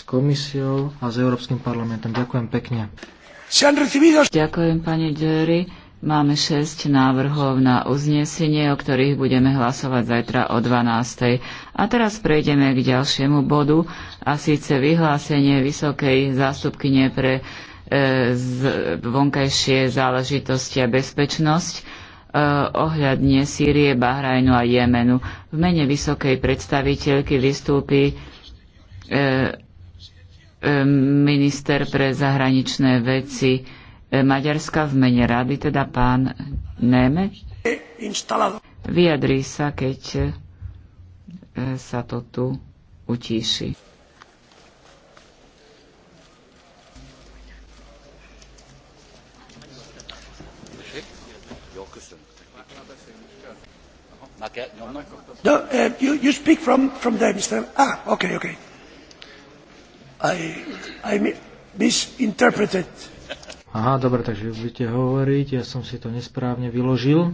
s komisiou a s Európskym parlamentom. Ďakujem pekne. Ďakujem pani Dery. Máme 6 návrhov na uznesenie, o ktorých budeme hlasovať zajtra o 12. A teraz prejdeme k ďalšiemu bodu, a síce vyhlásenie vysokej zástupkyne pre e, z, vonkajšie záležitosti a bezpečnosť e, ohľadne Sýrie, Bahrajnu a Jemenu. V mene vysokej predstaviteľky vystúpi e, minister pre zahraničné veci e, Maďarska v mene rady, teda pán Neme. Vyjadrí sa, keď e, sa to tu utíši. No, uh, you, you speak from, from there, Mr. Ah, okay, okay. I, I misinterpreted. Aha, dobre, takže budete hovoriť, ja som si to nesprávne vyložil.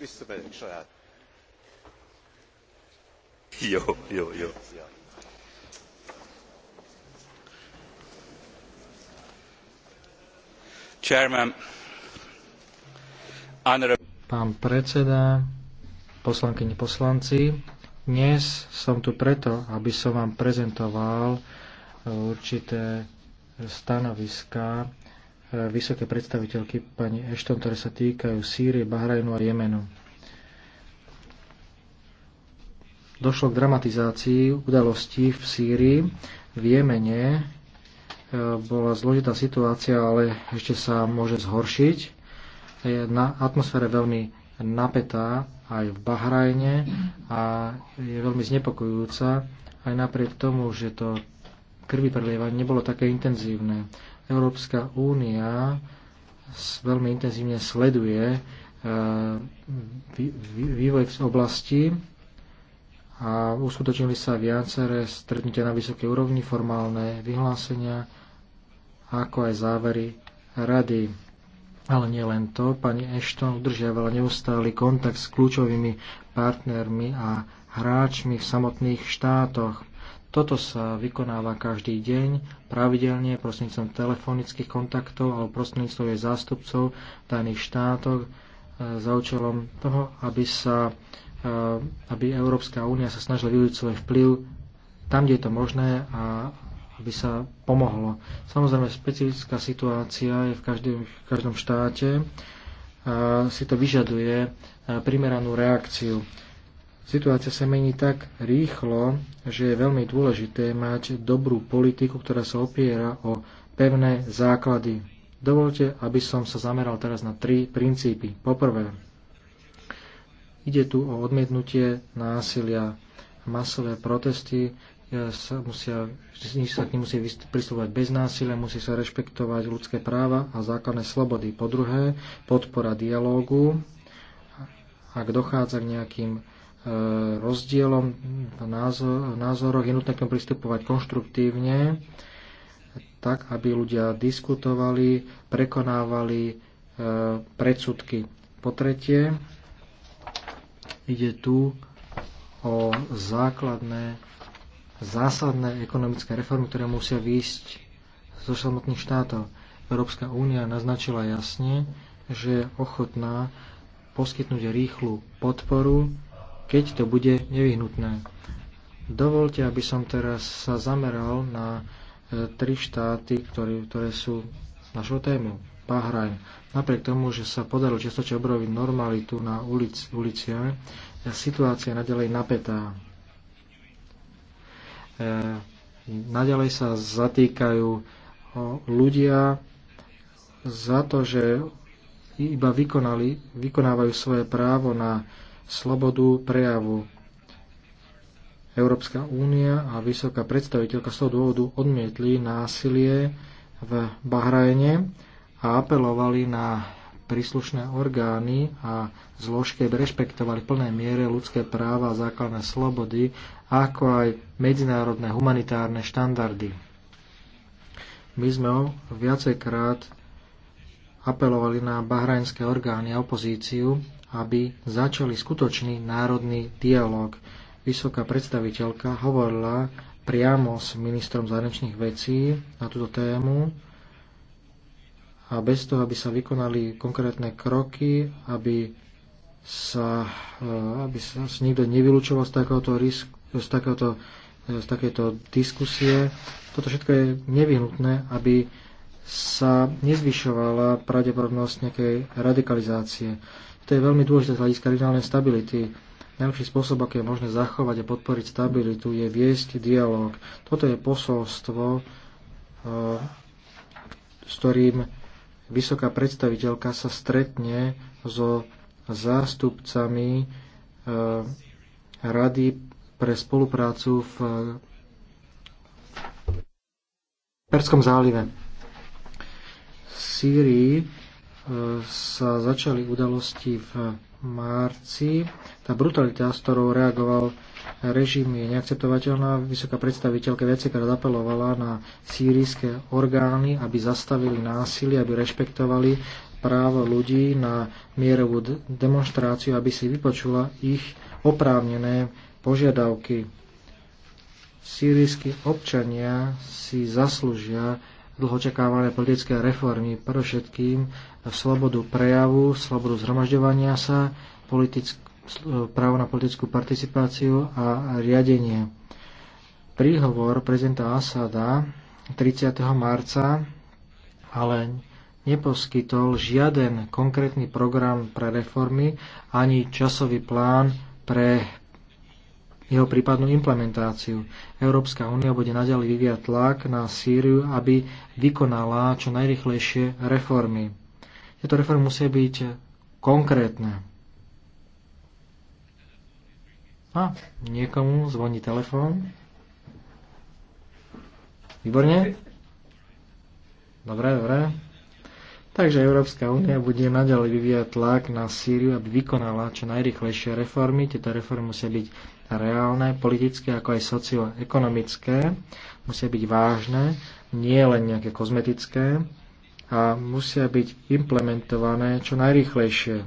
Visszamegyek saját. Jó, jó, jó. Chairman, Pán predseda, poslankyni poslanci, dnes som tu preto, aby som vám prezentoval e, určité stanoviska e, vysoké predstaviteľky pani Ashton, ktoré sa týkajú Sýrie, Bahrajnu a Jemenu. Došlo k dramatizácii udalostí v Sýrii. V Jemene e, bola zložitá situácia, ale ešte sa môže zhoršiť je na atmosfére veľmi napätá aj v Bahrajne a je veľmi znepokojujúca aj napriek tomu, že to krvi prelievanie nebolo také intenzívne. Európska únia veľmi intenzívne sleduje e, vývoj v oblasti a uskutočnili sa viaceré stretnutia na vysokej úrovni, formálne vyhlásenia, ako aj závery rady. Ale nie len to, pani Ashton udržiavala neustály kontakt s kľúčovými partnermi a hráčmi v samotných štátoch. Toto sa vykonáva každý deň, pravidelne prostredníctvom telefonických kontaktov alebo prostredníctvom jej zástupcov v daných štátoch e, za účelom toho, aby, sa, e, aby Európska únia sa snažila vyvíjať svoj vplyv tam, kde je to možné a aby sa pomohlo. Samozrejme, špecifická situácia je v, každý, v každom štáte a si to vyžaduje primeranú reakciu. Situácia sa mení tak rýchlo, že je veľmi dôležité mať dobrú politiku, ktorá sa opiera o pevné základy. Dovolte, aby som sa zameral teraz na tri princípy. Poprvé, ide tu o odmietnutie násilia. Masové protesty sa musia, sa k nim musí pristúpať bez násilia, musí sa rešpektovať ľudské práva a základné slobody. Po druhé, podpora dialógu. Ak dochádza k nejakým e, rozdielom v názor, názoroch, je nutné k tomu pristupovať konštruktívne, tak, aby ľudia diskutovali, prekonávali e, predsudky. Po tretie, ide tu o základné zásadné ekonomické reformy, ktoré musia výjsť zo samotných štátov. Európska únia naznačila jasne, že je ochotná poskytnúť rýchlu podporu, keď to bude nevyhnutné. Dovolte, aby som teraz sa zameral na e, tri štáty, ktoré, ktoré sú našou témou. Bahrajn. Napriek tomu, že sa podarilo čiastočne obroviť normalitu na ulic, uliciach, situácia nadalej napätá. E, naďalej sa zatýkajú e, ľudia za to, že iba vykonali, vykonávajú svoje právo na slobodu prejavu. Európska únia a vysoká predstaviteľka z toho dôvodu odmietli násilie v Bahrajne a apelovali na príslušné orgány a zložky by rešpektovali plné miere ľudské práva a základné slobody, ako aj medzinárodné humanitárne štandardy. My sme viacejkrát apelovali na bahrajnské orgány a opozíciu, aby začali skutočný národný dialog. Vysoká predstaviteľka hovorila priamo s ministrom zahraničných vecí na túto tému a bez toho, aby sa vykonali konkrétne kroky, aby sa, e, aby sa nikto nevylučoval z takéhoto, risk, z takéhoto e, z takéto diskusie. Toto všetko je nevyhnutné, aby sa nezvyšovala pravdepodobnosť nejakej radikalizácie. To je veľmi dôležité z hľadiska regionálnej stability. Najlepší spôsob, ako je možné zachovať a podporiť stabilitu, je viesť dialog. Toto je posolstvo, e, s ktorým vysoká predstaviteľka sa stretne so zástupcami e, Rady pre spoluprácu v Perskom zálive. V Sýrii e, sa začali udalosti v marci. Tá brutalita, s ktorou reagoval režim, je neakceptovateľná. Vysoká predstaviteľka viacekrát apelovala na sírijské orgány, aby zastavili násilie, aby rešpektovali právo ľudí na mierovú demonstráciu, aby si vypočula ich oprávnené požiadavky. Sírijskí občania si zaslúžia dlhočakávané politické reformy, predovšetkým slobodu prejavu, slobodu zhromažďovania sa, politickú Eh, právo na politickú participáciu a riadenie. Príhovor prezidenta Asada 30. marca ale neposkytol žiaden konkrétny program pre reformy ani časový plán pre jeho prípadnú implementáciu. Európska únia bude naďalej vyviať tlak na Sýriu, aby vykonala čo najrychlejšie reformy. Tieto reformy musia byť konkrétne. A, niekomu zvoní telefón. Výborne? Dobre, dobre. Takže Európska únia bude naďalej vyvíjať tlak na Sýriu, aby vykonala čo najrychlejšie reformy. Tieto reformy musia byť reálne, politické, ako aj socioekonomické. Musia byť vážne, nie len nejaké kozmetické a musia byť implementované čo najrychlejšie.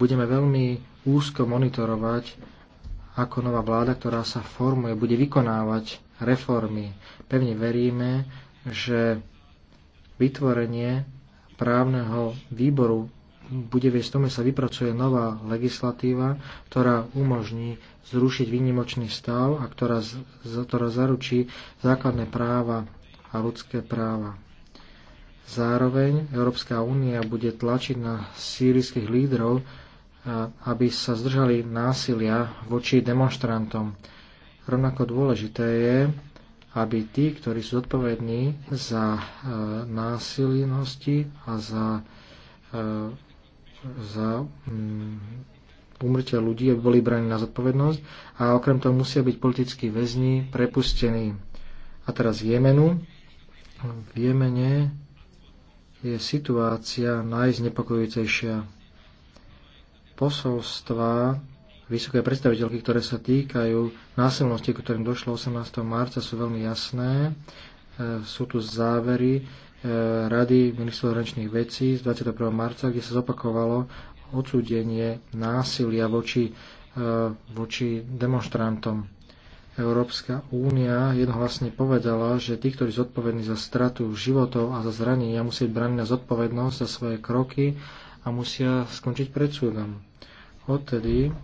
Budeme veľmi úzko monitorovať, ako nová vláda, ktorá sa formuje, bude vykonávať reformy. Pevne veríme, že vytvorenie právneho výboru bude viesť tomu, sa vypracuje nová legislatíva, ktorá umožní zrušiť výnimočný stav a ktorá, ktorá zaručí základné práva a ľudské práva. Zároveň Európska únia bude tlačiť na sírijských lídrov, aby sa zdržali násilia voči demonstrantom. Rovnako dôležité je, aby tí, ktorí sú zodpovední za e, násilnosti a za, e, za mm, umrtia ľudí, aby boli braní na zodpovednosť a okrem toho musia byť politickí väzni prepustení. A teraz v Jemenu. V Jemene je situácia najznepokojujúcejšia posolstva vysoké predstaviteľky, ktoré sa týkajú násilnosti, ktorým došlo 18. marca, sú veľmi jasné. E, sú tu závery e, Rady ministrov zahraničných vecí z 21. marca, kde sa zopakovalo odsúdenie násilia voči, e, voči demonstrantom. Európska únia jednohlasne povedala, že tí, ktorí zodpovední za stratu životov a za zranenia, musia byť braní na zodpovednosť za svoje kroky a musia skončiť pred súdom Odtedy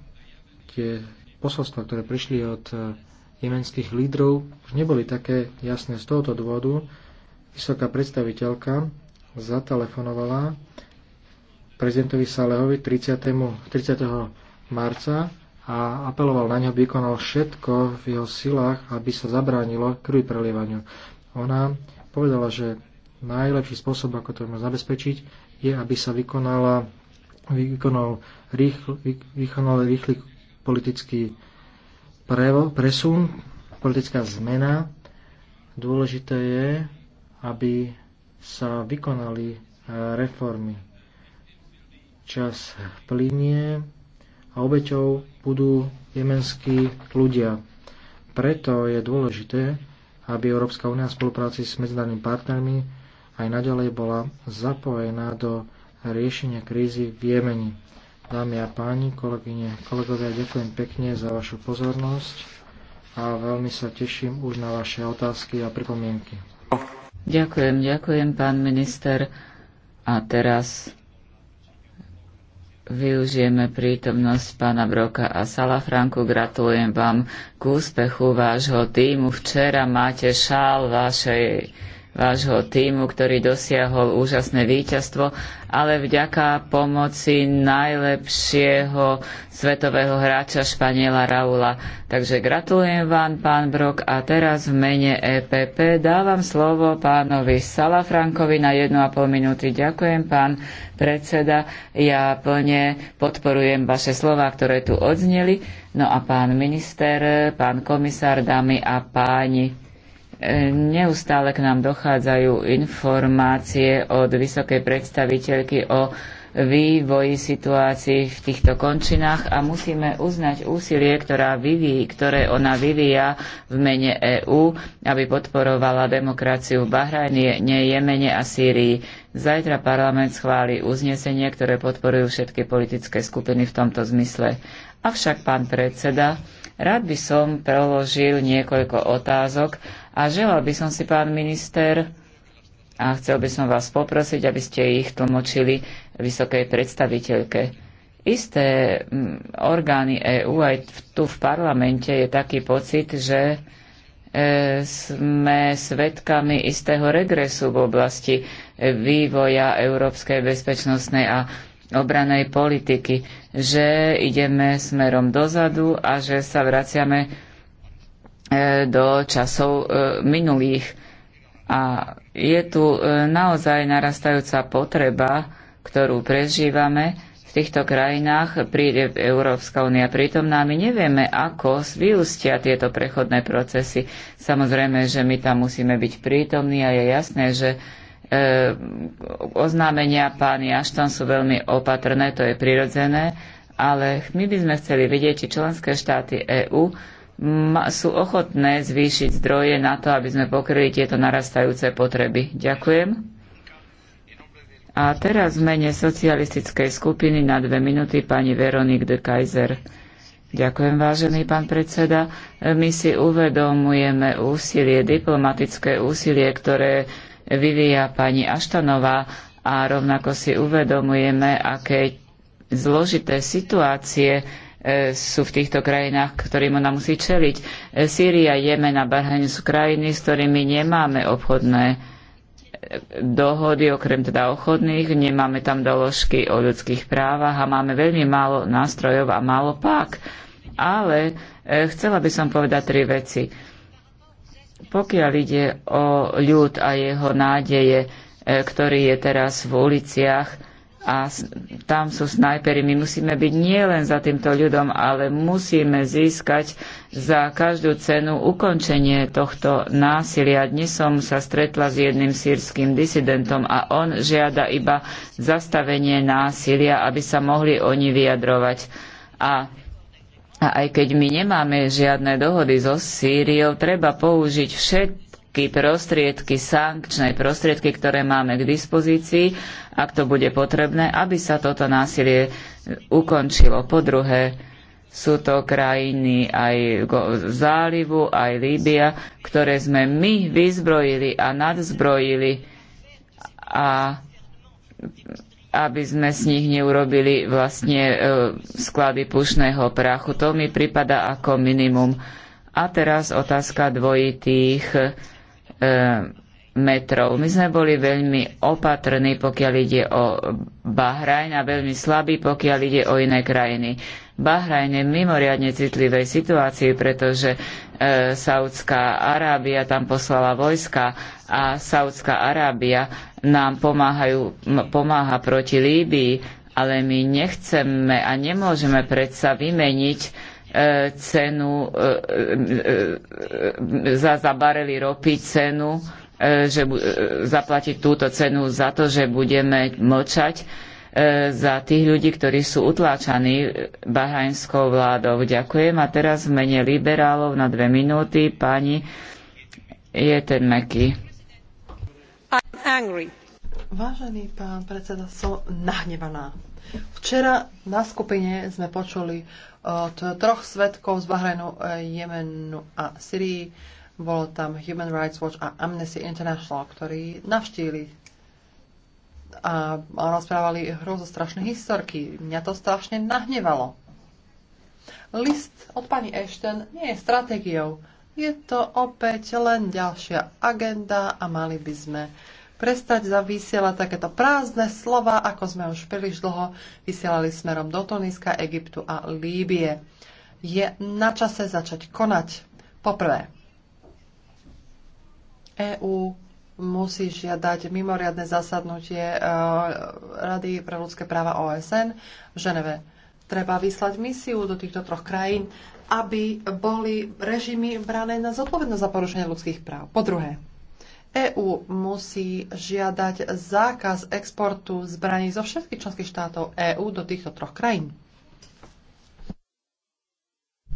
tie posolstva, ktoré prišli od eh, jemenských lídrov, už neboli také jasné. Z tohoto dôvodu vysoká predstaviteľka zatelefonovala prezidentovi Salehovi 30. 30. marca a apeloval na ňo, aby vykonal všetko v jeho silách, aby sa zabránilo krvi prelievaniu. Ona povedala, že najlepší spôsob, ako to môže zabezpečiť, je, aby sa vykonala, vykonal rýchly, vykonal rýchly politický prevo, presun, politická zmena. Dôležité je, aby sa vykonali e, reformy. Čas plinie a obeťou budú jemenskí ľudia. Preto je dôležité, aby Európska únia v spolupráci s medzinárodnými partnermi aj naďalej bola zapojená do riešenia krízy v Jemeni. Dámy a páni, kolegyne, kolegovia, ďakujem pekne za vašu pozornosť a veľmi sa teším už na vaše otázky a pripomienky. Ďakujem, ďakujem, pán minister. A teraz využijeme prítomnosť pána Broka a Salafranku. Gratulujem vám k úspechu vášho týmu. Včera máte šál vašej vášho týmu, ktorý dosiahol úžasné víťazstvo, ale vďaka pomoci najlepšieho svetového hráča Španiela Raula. Takže gratulujem vám, pán Brok, a teraz v mene EPP dávam slovo pánovi Salafrankovi na 1,5 minúty. Ďakujem, pán predseda. Ja plne podporujem vaše slova, ktoré tu odzneli. No a pán minister, pán komisár, dámy a páni. E, neustále k nám dochádzajú informácie od vysokej predstaviteľky o vývoji situácií v týchto končinách a musíme uznať úsilie, ktorá vyví, ktoré ona vyvíja v mene EÚ, aby podporovala demokraciu v Bahrajne, Jemene a Sýrii. Zajtra parlament schváli uznesenie, ktoré podporujú všetky politické skupiny v tomto zmysle. Avšak, pán predseda, rád by som preložil niekoľko otázok, a želal by som si, pán minister, a chcel by som vás poprosiť, aby ste ich tlmočili vysokej predstaviteľke. Isté mm, orgány EÚ aj tu v parlamente je taký pocit, že e, sme svedkami istého regresu v oblasti e, vývoja európskej bezpečnostnej a obranej politiky, že ideme smerom dozadu a že sa vraciame E, do časov e, minulých. A je tu e, naozaj narastajúca potreba, ktorú prežívame v týchto krajinách, príde Európska únia prítomná. My nevieme, ako vyústia tieto prechodné procesy. Samozrejme, že my tam musíme byť prítomní a je jasné, že e, oznámenia pány Ashton sú veľmi opatrné, to je prirodzené, ale my by sme chceli vidieť, či členské štáty EÚ sú ochotné zvýšiť zdroje na to, aby sme pokryli tieto narastajúce potreby. Ďakujem. A teraz v mene socialistickej skupiny na dve minúty pani Veronik de Kaiser. Ďakujem, vážený pán predseda. My si uvedomujeme úsilie, diplomatické úsilie, ktoré vyvíja pani Aštanová a rovnako si uvedomujeme, aké zložité situácie E, sú v týchto krajinách, ktorým ona musí čeliť. E, Sýria, Jemen a Bahrajn sú krajiny, s ktorými nemáme obchodné e, dohody, okrem teda ochodných, nemáme tam doložky o ľudských právach a máme veľmi málo nástrojov a málo pák. Ale chcela by som povedať tri veci. Pokiaľ ide o ľud a jeho nádeje, ktorý je teraz v uliciach, a tam sú snajpery. My musíme byť nielen za týmto ľudom, ale musíme získať za každú cenu ukončenie tohto násilia. Dnes som sa stretla s jedným sírským disidentom a on žiada iba zastavenie násilia, aby sa mohli oni vyjadrovať. A a aj keď my nemáme žiadne dohody so Sýriou, treba použiť všetko všetky prostriedky, sankčné prostriedky, ktoré máme k dispozícii, ak to bude potrebné, aby sa toto násilie ukončilo. Po druhé, sú to krajiny aj zálivu, aj Líbia, ktoré sme my vyzbrojili a nadzbrojili a aby sme z nich neurobili vlastne e, sklady pušného prachu. To mi prípada ako minimum. A teraz otázka dvojitých E, metrov. My sme boli veľmi opatrní, pokiaľ ide o Bahrajn a veľmi slabí, pokiaľ ide o iné krajiny. Bahrajn je mimoriadne citlivej situácii, pretože e, Saudská Arábia tam poslala vojska a Saudská Arábia nám pomáhajú, pomáha proti Líbii, ale my nechceme a nemôžeme predsa vymeniť cenu e, e, e, za, za barely ropy cenu, že zaplatiť túto cenu za to, že budeme mlčať za tých ľudí, ktorí sú utláčaní bahajnskou vládou. Ďakujem. A teraz v mene liberálov na dve minúty pani Jeten Meky. Vážený pán predseda, som nahnevaná. Včera na skupine sme počuli od troch svetkov z Bahrajnu, e, Jemenu a Syrii. Bolo tam Human Rights Watch a Amnesty International, ktorí navštívili a rozprávali hrozostrašné historky. Mňa to strašne nahnevalo. List od pani Ashton nie je stratégiou. Je to opäť len ďalšia agenda a mali by sme uh, prestať vysielať takéto prázdne slova, ako sme už príliš dlho vysielali smerom do Tuniska, Egyptu a Líbie. Je na čase začať konať. Poprvé, EÚ musí žiadať mimoriadne zasadnutie e, Rady pre ľudské práva OSN v Ženeve. Treba vyslať misiu do týchto troch krajín, aby boli režimy brané na zodpovednosť za porušenie ľudských práv. Po druhé, EÚ musí žiadať zákaz exportu zbraní zo všetkých členských štátov EÚ do týchto troch krajín.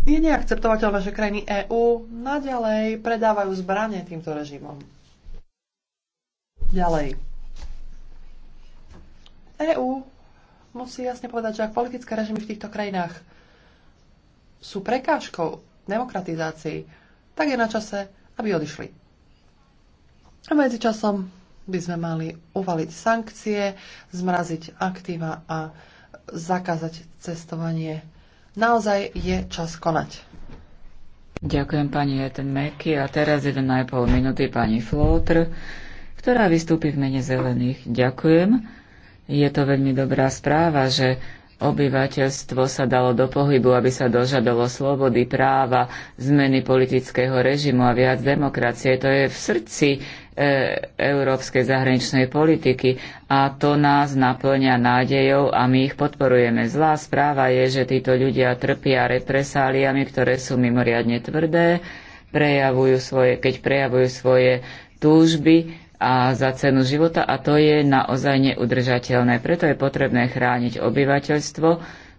Je neakceptovateľné, že krajiny EÚ naďalej predávajú zbranie týmto režimom. Ďalej. EÚ musí jasne povedať, že ak politické režimy v týchto krajinách sú prekážkou demokratizácii, tak je na čase, aby odišli. A medzičasom by sme mali uvaliť sankcie, zmraziť aktíva a zakázať cestovanie. Naozaj je čas konať. Ďakujem pani Meky a teraz 1,5 minúty pani Flotr, ktorá vystúpi v mene zelených. Ďakujem. Je to veľmi dobrá správa, že obyvateľstvo sa dalo do pohybu, aby sa dožadalo slobody, práva, zmeny politického režimu a viac demokracie. To je v srdci e, európskej zahraničnej politiky a to nás naplňa nádejou a my ich podporujeme. Zlá správa je, že títo ľudia trpia represáliami, ktoré sú mimoriadne tvrdé, prejavujú svoje, keď prejavujú svoje túžby a za cenu života a to je naozaj neudržateľné. Preto je potrebné chrániť obyvateľstvo,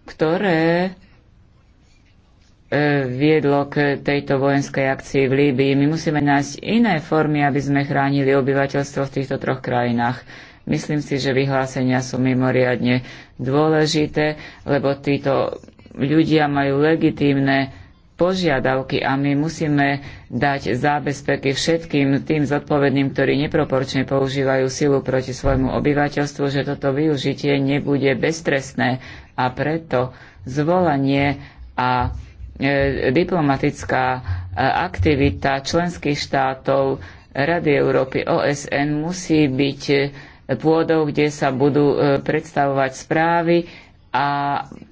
ktoré e, viedlo k tejto vojenskej akcii v Líbii. My musíme nájsť iné formy, aby sme chránili obyvateľstvo v týchto troch krajinách. Myslím si, že vyhlásenia sú mimoriadne dôležité, lebo títo ľudia majú legitímne požiadavky a my musíme dať zábezpeky všetkým tým zodpovedným, ktorí neproporčne používajú silu proti svojmu obyvateľstvu, že toto využitie nebude beztrestné a preto zvolanie a e, diplomatická e, aktivita členských štátov Rady Európy OSN musí byť e, pôdou, kde sa budú e, predstavovať správy, a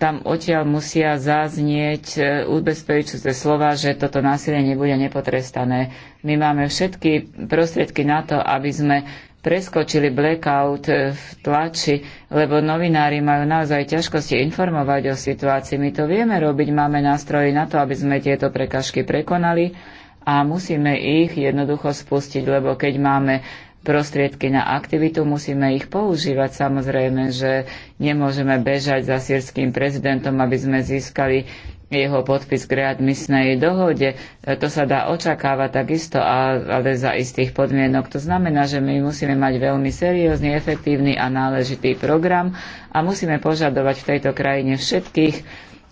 tam odtiaľ musia zaznieť e, ubezpečujúce slova, že toto násilie nebude nepotrestané. My máme všetky prostriedky na to, aby sme preskočili blackout e, v tlači, lebo novinári majú naozaj ťažkosti informovať o situácii. My to vieme robiť, máme nástroje na to, aby sme tieto prekažky prekonali a musíme ich jednoducho spustiť, lebo keď máme prostriedky na aktivitu, musíme ich používať. Samozrejme, že nemôžeme bežať za sírským prezidentom, aby sme získali jeho podpis k readmisnej dohode. To sa dá očakávať takisto, ale za istých podmienok. To znamená, že my musíme mať veľmi seriózny, efektívny a náležitý program a musíme požadovať v tejto krajine všetkých e,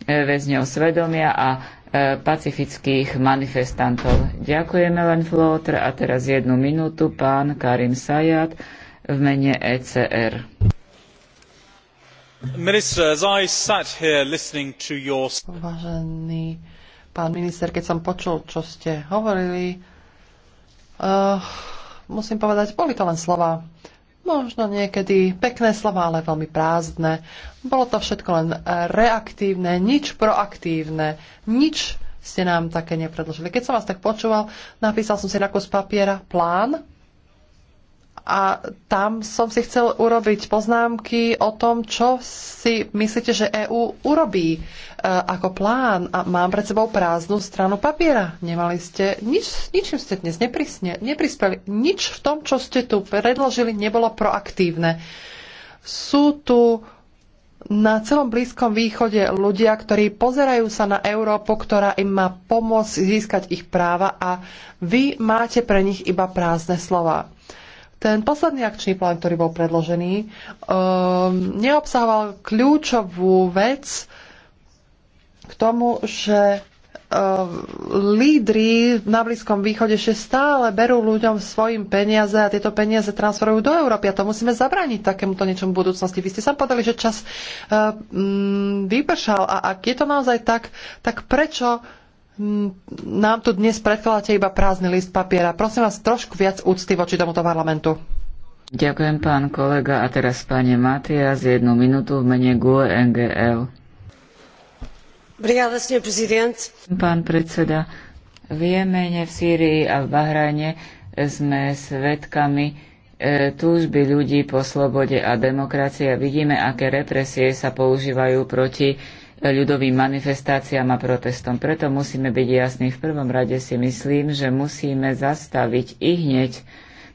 väzňov svedomia a Eh, pacifických manifestantov. Ďakujeme len Flotr a teraz jednu minútu pán Karim Sajat v mene ECR. Minister, your... Vážený pán minister, keď som počul, čo ste hovorili, uh, musím povedať, boli to len slova možno niekedy pekné slova, ale veľmi prázdne. Bolo to všetko len reaktívne, nič proaktívne, nič ste nám také nepredložili. Keď som vás tak počúval, napísal som si na kus papiera plán, a tam som si chcel urobiť poznámky o tom, čo si myslíte, že EÚ urobí e, ako plán a mám pred sebou prázdnu stranu papiera. Nemali ste, nič, ničím ste dnes neprisne, neprispeli. Nič v tom, čo ste tu predložili, nebolo proaktívne. Sú tu na celom Blízkom východe ľudia, ktorí pozerajú sa na Európu, ktorá im má pomôcť získať ich práva a vy máte pre nich iba prázdne slova. Ten posledný akčný plán, ktorý bol predložený, ehm, neobsahoval kľúčovú vec k tomu, že ehm, lídry na Blízkom východe ešte stále berú ľuďom svojim peniaze a tieto peniaze transferujú do Európy a to musíme zabrániť takémuto niečomu v budúcnosti. Vy ste sa povedali, že čas uh, vypršal a ak je to naozaj tak, tak prečo Mm, nám tu dnes predkladáte iba prázdny list papiera. Prosím vás trošku viac úcty voči tomuto parlamentu. Ďakujem, pán kolega. A teraz, Matia z jednu minútu v mene GUE NGL. Obrigada, senhor Pán predseda, v Jemene, v Sýrii a v Bahrajne sme svetkami e, túžby ľudí po slobode a demokracii a vidíme, aké represie sa používajú proti ľudovým manifestáciám a protestom. Preto musíme byť jasní. V prvom rade si myslím, že musíme zastaviť i hneď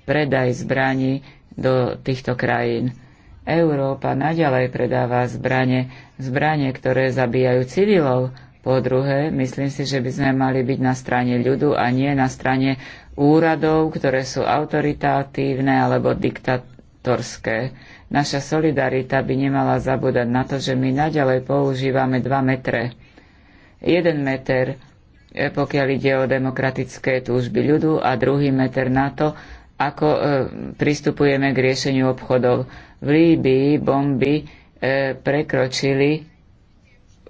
predaj zbraní do týchto krajín. Európa naďalej predáva zbranie, zbranie, ktoré zabíjajú civilov. Po druhé, myslím si, že by sme mali byť na strane ľudu a nie na strane úradov, ktoré sú autoritatívne alebo diktatorské. Naša solidarita by nemala zabúdať na to, že my naďalej používame 2 metre. Jeden meter, e, pokiaľ ide o demokratické túžby ľudu a druhý meter na to, ako e, pristupujeme k riešeniu obchodov. V Líbii bomby e, prekročili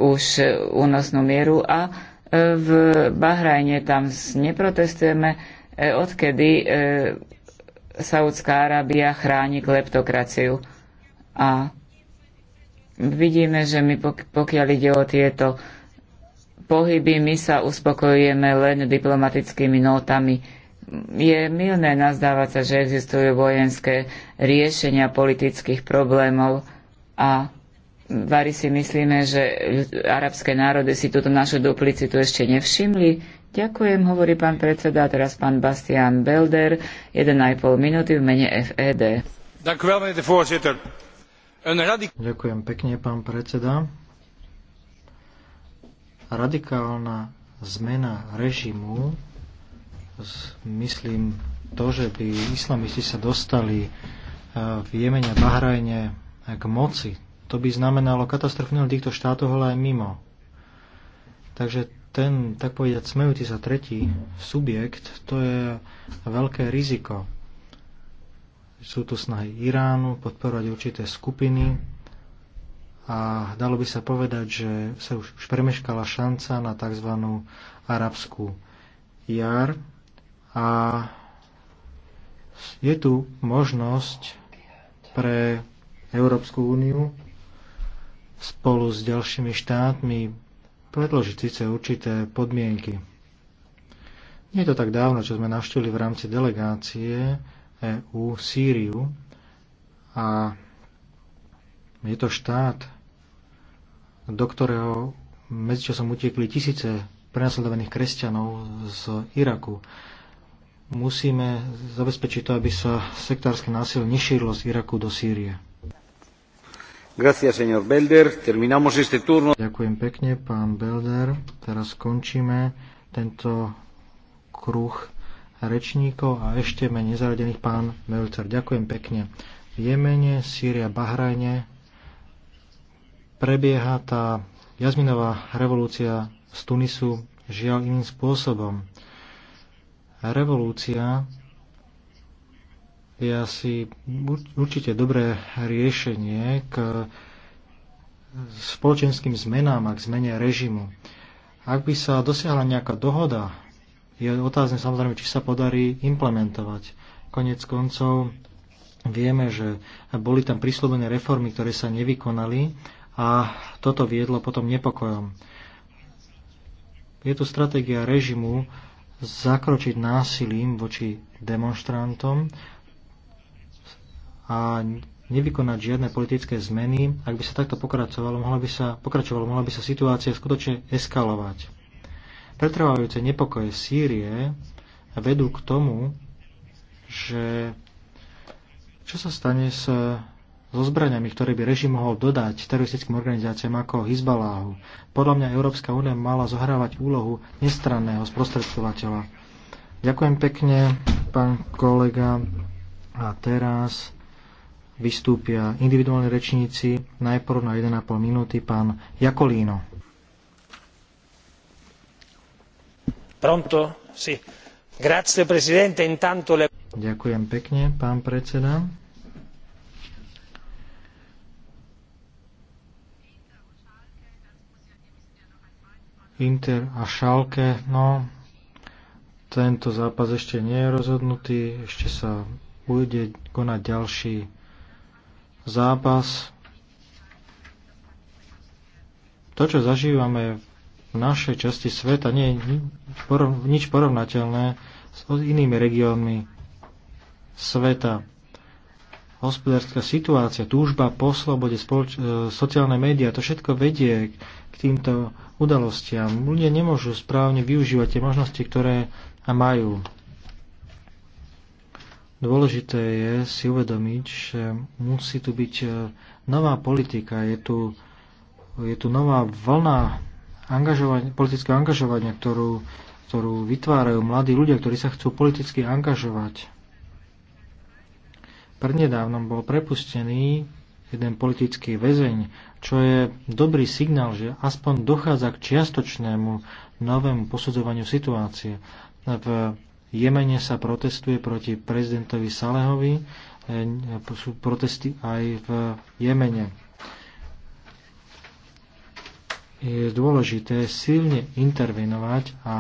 už e, únosnú mieru a e, v Bahrajne tam neprotestujeme, e, odkedy e, Saudská Arábia chráni kleptokraciu. A vidíme, že my pokiaľ ide o tieto pohyby, my sa uspokojujeme len diplomatickými notami. Je milné nazdávať sa, že existujú vojenské riešenia politických problémov a Vary si myslíme, že arabské národy si túto našu duplicitu ešte nevšimli. Ďakujem, hovorí pán predseda, teraz pán Bastian Belder, 1,5 minúty v mene FED. Ďakujem, voorzitter. Ďakujem pekne, pán predseda. Radikálna zmena režimu, myslím to, že by islamisti sa dostali e, v Jemene Bahrajne k moci, to by znamenalo katastrofne týchto štátov, ale aj mimo. Takže ten, tak povedať, smejúci sa tretí subjekt, to je veľké riziko. Sú tu snahy Iránu podporovať určité skupiny a dalo by sa povedať, že sa už, už premeškala šanca na tzv. arabskú jar a je tu možnosť pre Európsku úniu spolu s ďalšími štátmi predložiť síce určité podmienky. Nie je to tak dávno, čo sme navštívili v rámci delegácie EU Sýriu a je to štát, do ktorého medzičasom utiekli tisíce prenasledovaných kresťanov z Iraku. Musíme zabezpečiť to, aby sa sektárske násilie nešírilo z Iraku do Sýrie. Gracias, señor Belder. Terminamos este turno. Ďakujem pekne, pán Belder. Teraz skončíme tento kruh rečníkov a ešte menej nezaradených pán Melcer. Ďakujem pekne. V Jemene, Sýria, Bahrajne prebieha tá jazminová revolúcia z Tunisu žiaľ iným spôsobom. Revolúcia je asi určite dobré riešenie k spoločenským zmenám a k zmene režimu. Ak by sa dosiahla nejaká dohoda je otázne samozrejme, či sa podarí implementovať. Konec koncov vieme, že boli tam prislúbené reformy, ktoré sa nevykonali a toto viedlo potom nepokojom. Je tu stratégia režimu zakročiť násilím voči demonstrantom a nevykonať žiadne politické zmeny. Ak by sa takto pokračovalo, mohla by sa, pokračovalo, mohla by sa situácia skutočne eskalovať. Pretrvajúce nepokoje Sýrie vedú k tomu, že čo sa stane s so zbraniami, ktoré by režim mohol dodať teroristickým organizáciám ako Hizbaláhu. Podľa mňa Európska únia mala zohrávať úlohu nestranného sprostredkovateľa. Ďakujem pekne, pán kolega. A teraz vystúpia individuálni rečníci. Najprv na 1,5 minúty pán Jakolíno. Ďakujem pekne, pán predseda. Inter a Schalke, no tento zápas ešte nie je rozhodnutý, ešte sa bude konať ďalší zápas. To, čo zažívame v v našej časti sveta nie je nič porovnateľné s inými regiónmi sveta. Hospodárska situácia, túžba po slobode, spoloč- e, sociálne médiá, to všetko vedie k týmto udalostiam. Ľudia nemôžu správne využívať tie možnosti, ktoré majú. Dôležité je si uvedomiť, že musí tu byť e, nová politika, je tu, je tu nová vlna angažovanie, politické angažovanie, ktorú, ktorú vytvárajú mladí ľudia, ktorí sa chcú politicky angažovať. Prednedávnom bol prepustený jeden politický väzeň, čo je dobrý signál, že aspoň dochádza k čiastočnému novému posudzovaniu situácie. V Jemene sa protestuje proti prezidentovi Salehovi, eh, sú protesty aj v Jemene je dôležité silne intervenovať a, a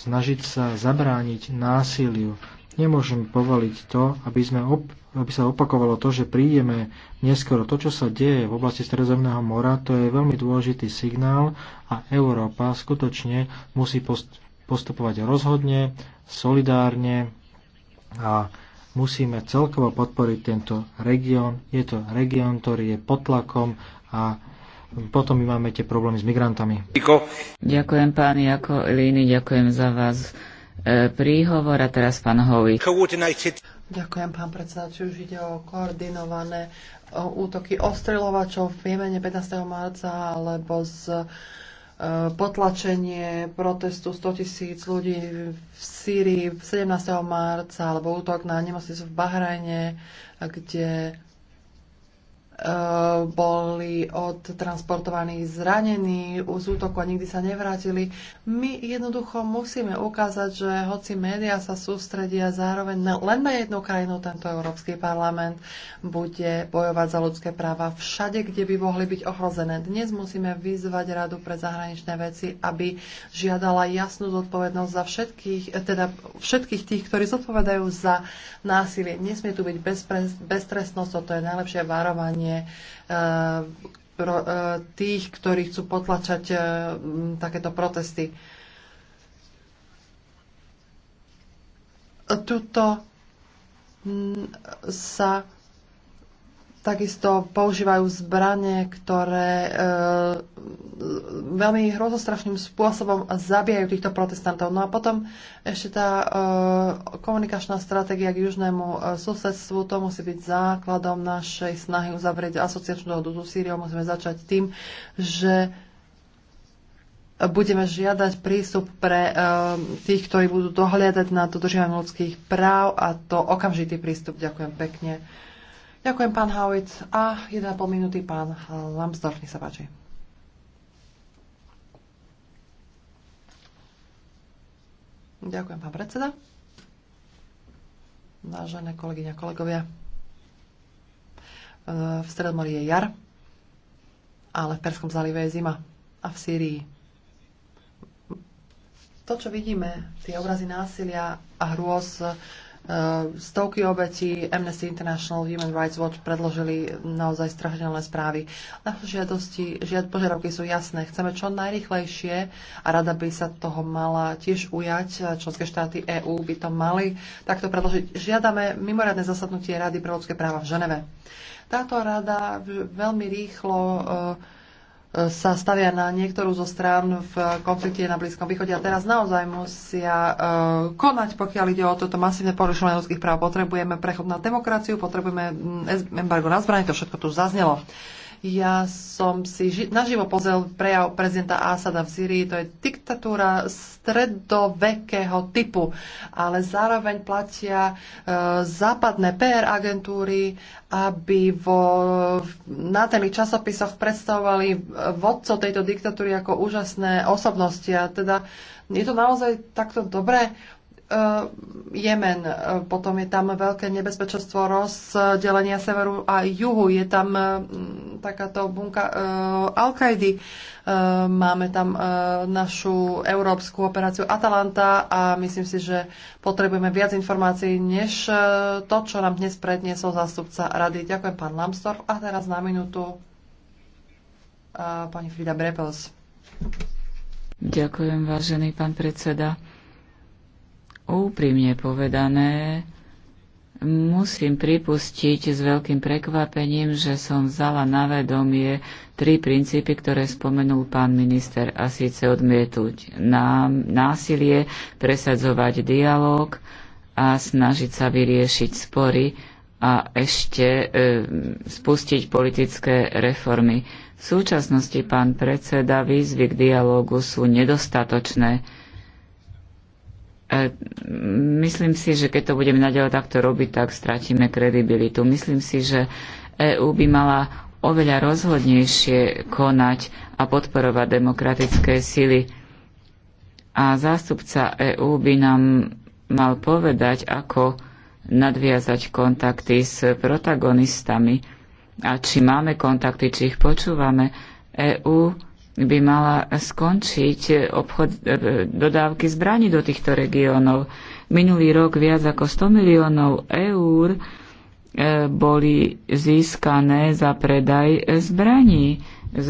snažiť sa zabrániť násiliu. Nemôžem povoliť to, aby, sme op- aby sa opakovalo to, že prídeme neskoro. To, čo sa deje v oblasti Stredozemného mora, to je veľmi dôležitý signál a Európa skutočne musí post- postupovať rozhodne, solidárne a musíme celkovo podporiť tento región. Je to región, ktorý je pod tlakom a potom my máme tie problémy s migrantami. Ďakujem pán Jako Líny, ďakujem za vás e, príhovor a teraz pán Hovi. Ďakujem pán predseda, či už ide o koordinované o útoky ostreľovačov v Jemene 15. marca alebo z e, potlačenie protestu 100 tisíc ľudí v Sýrii 17. marca alebo útok na nemocnicu v Bahrajne, kde Eh, boli odtransportovaní zranení z útoku a nikdy sa nevrátili. My jednoducho musíme ukázať, že hoci médiá sa sústredia zároveň na, len na jednu krajinu, tento Európsky parlament bude bojovať za ľudské práva všade, kde by mohli byť ohrozené. Dnes musíme vyzvať Radu pre zahraničné veci, aby žiadala jasnú zodpovednosť za všetkých, eh, teda všetkých tých, ktorí zodpovedajú za násilie. Nesmie tu byť bezpre, beztrestnosť, toto je najlepšie varovanie vrátane eh, eh, tých, ktorí chcú potlačať eh, takéto protesty. Tuto mm, sa takisto používajú zbranie, ktoré e, veľmi hrozostrašným spôsobom zabijajú týchto protestantov. No a potom ešte tá e, komunikačná stratégia k južnému e, susedstvu, to musí byť základom našej snahy uzavrieť asociačnú dohodu so Sýriou. Musíme začať tým, že budeme žiadať prístup pre e, tých, ktorí budú dohliadať na dodržiavanie ľudských práv a to okamžitý prístup. Ďakujem pekne. Ďakujem, pán Hauic. A 1,5 minúty, pán Lambsdorff, nech sa páči. Ďakujem, pán predseda. Vážené kolegyňa, kolegovia. E, v Stredomorí je jar, ale v Perskom zálive je zima. A v Sýrii. To, čo vidíme, tie obrazy násilia a hrôz, Eh, stovky obetí Amnesty International, Human Rights Watch predložili naozaj strašidelné správy. Naše žiadosti, žiad, požiadavky sú jasné. Chceme čo najrychlejšie a rada by sa toho mala tiež ujať. Členské štáty EÚ by to mali takto predložiť. Žiadame mimoriadne zasadnutie Rady pre ľudské práva v Ženeve. Táto rada veľmi rýchlo uh, sa stavia na niektorú zo strán v konflikte na Blízkom východe a teraz naozaj musia e, konať, pokiaľ ide o toto masívne porušovanie ľudských práv. Potrebujeme prechod na demokraciu, potrebujeme mm, embargo na zbranie, to všetko tu zaznelo. Ja som si ži- naživo pozrel prejav prezidenta Asada v Syrii. To je diktatúra stredovekého typu. Ale zároveň platia e, západné PR agentúry, aby vo, na tých časopisoch predstavovali e, vodcov tejto diktatúry ako úžasné osobnosti. A teda je to naozaj takto dobré? Eh, Jemen, eh, potom je tam veľké nebezpečenstvo rozdelenia severu a juhu, je tam eh, takáto bunka Al-Kaidy, máme tam našu európsku operáciu Atalanta a myslím si, že potrebujeme viac informácií než to, čo nám dnes predniesol zástupca rady. Ďakujem pán Lambsdorff a teraz na minútu pani Frida Brepels. Ďakujem, vážený pán predseda. Úprimne povedané, musím pripustiť s veľkým prekvapením, že som vzala na vedomie tri princípy, ktoré spomenul pán minister a síce odmietuť násilie, presadzovať dialog a snažiť sa vyriešiť spory a ešte e, spustiť politické reformy. V súčasnosti, pán predseda, výzvy k dialógu sú nedostatočné. E, myslím si, že keď to budeme naďalej takto robiť, tak stratíme kredibilitu. Myslím si, že EÚ by mala oveľa rozhodnejšie konať a podporovať demokratické sily. A zástupca EÚ by nám mal povedať, ako nadviazať kontakty s protagonistami a či máme kontakty, či ich počúvame. EÚ by mala skončiť obchod, e, dodávky zbraní do týchto regiónov. Minulý rok viac ako 100 miliónov eur e, boli získané za predaj zbraní v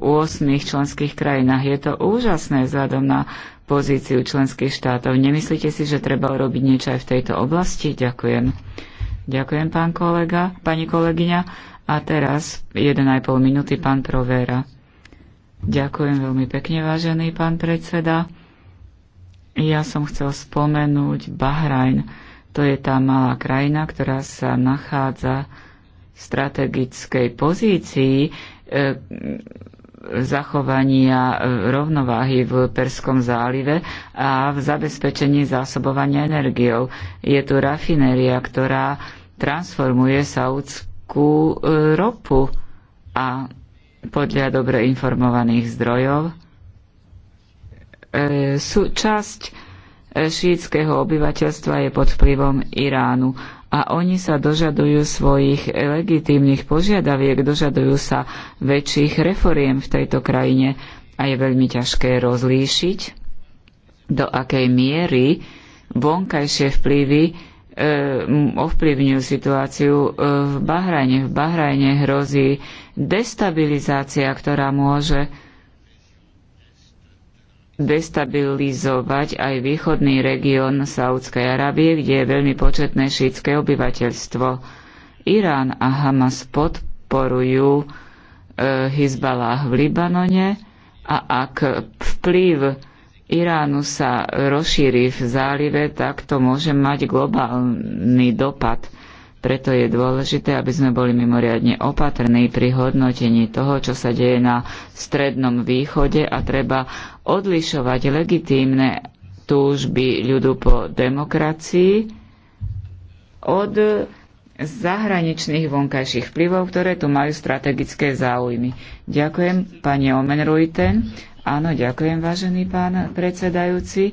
8 členských krajinách. Je to úžasné vzhľadom na pozíciu členských štátov. Nemyslíte si, že treba urobiť niečo aj v tejto oblasti? Ďakujem. Ďakujem, pán kolega, pani kolegyňa. A teraz 1,5 minúty, pán Provera. Ďakujem veľmi pekne, vážený pán predseda. Ja som chcel spomenúť Bahrajn. To je tá malá krajina, ktorá sa nachádza v strategickej pozícii e, zachovania e, rovnováhy v Perskom zálive a v zabezpečení zásobovania energiou. Je tu rafinéria, ktorá transformuje saudskú e, ropu a podľa dobre informovaných zdrojov, e, sú časť e, šítskeho obyvateľstva je pod vplyvom Iránu a oni sa dožadujú svojich legitímnych požiadaviek, dožadujú sa väčších reforiem v tejto krajine a je veľmi ťažké rozlíšiť, do akej miery vonkajšie vplyvy E, ovplyvňujú situáciu e, v Bahrajne. V Bahrajne hrozí destabilizácia, ktorá môže destabilizovať aj východný región Saudskej Arábie, kde je veľmi početné šítske obyvateľstvo. Irán a Hamas podporujú e, Hizbalách v Libanone a ak vplyv Iránu sa rozšíri v zálive, tak to môže mať globálny dopad. Preto je dôležité, aby sme boli mimoriadne opatrní pri hodnotení toho, čo sa deje na Strednom východe a treba odlišovať legitímne túžby ľudu po demokracii od zahraničných vonkajších vplyvov, ktoré tu majú strategické záujmy. Ďakujem, pani Omenrujten. Áno, ďakujem, vážený pán predsedajúci.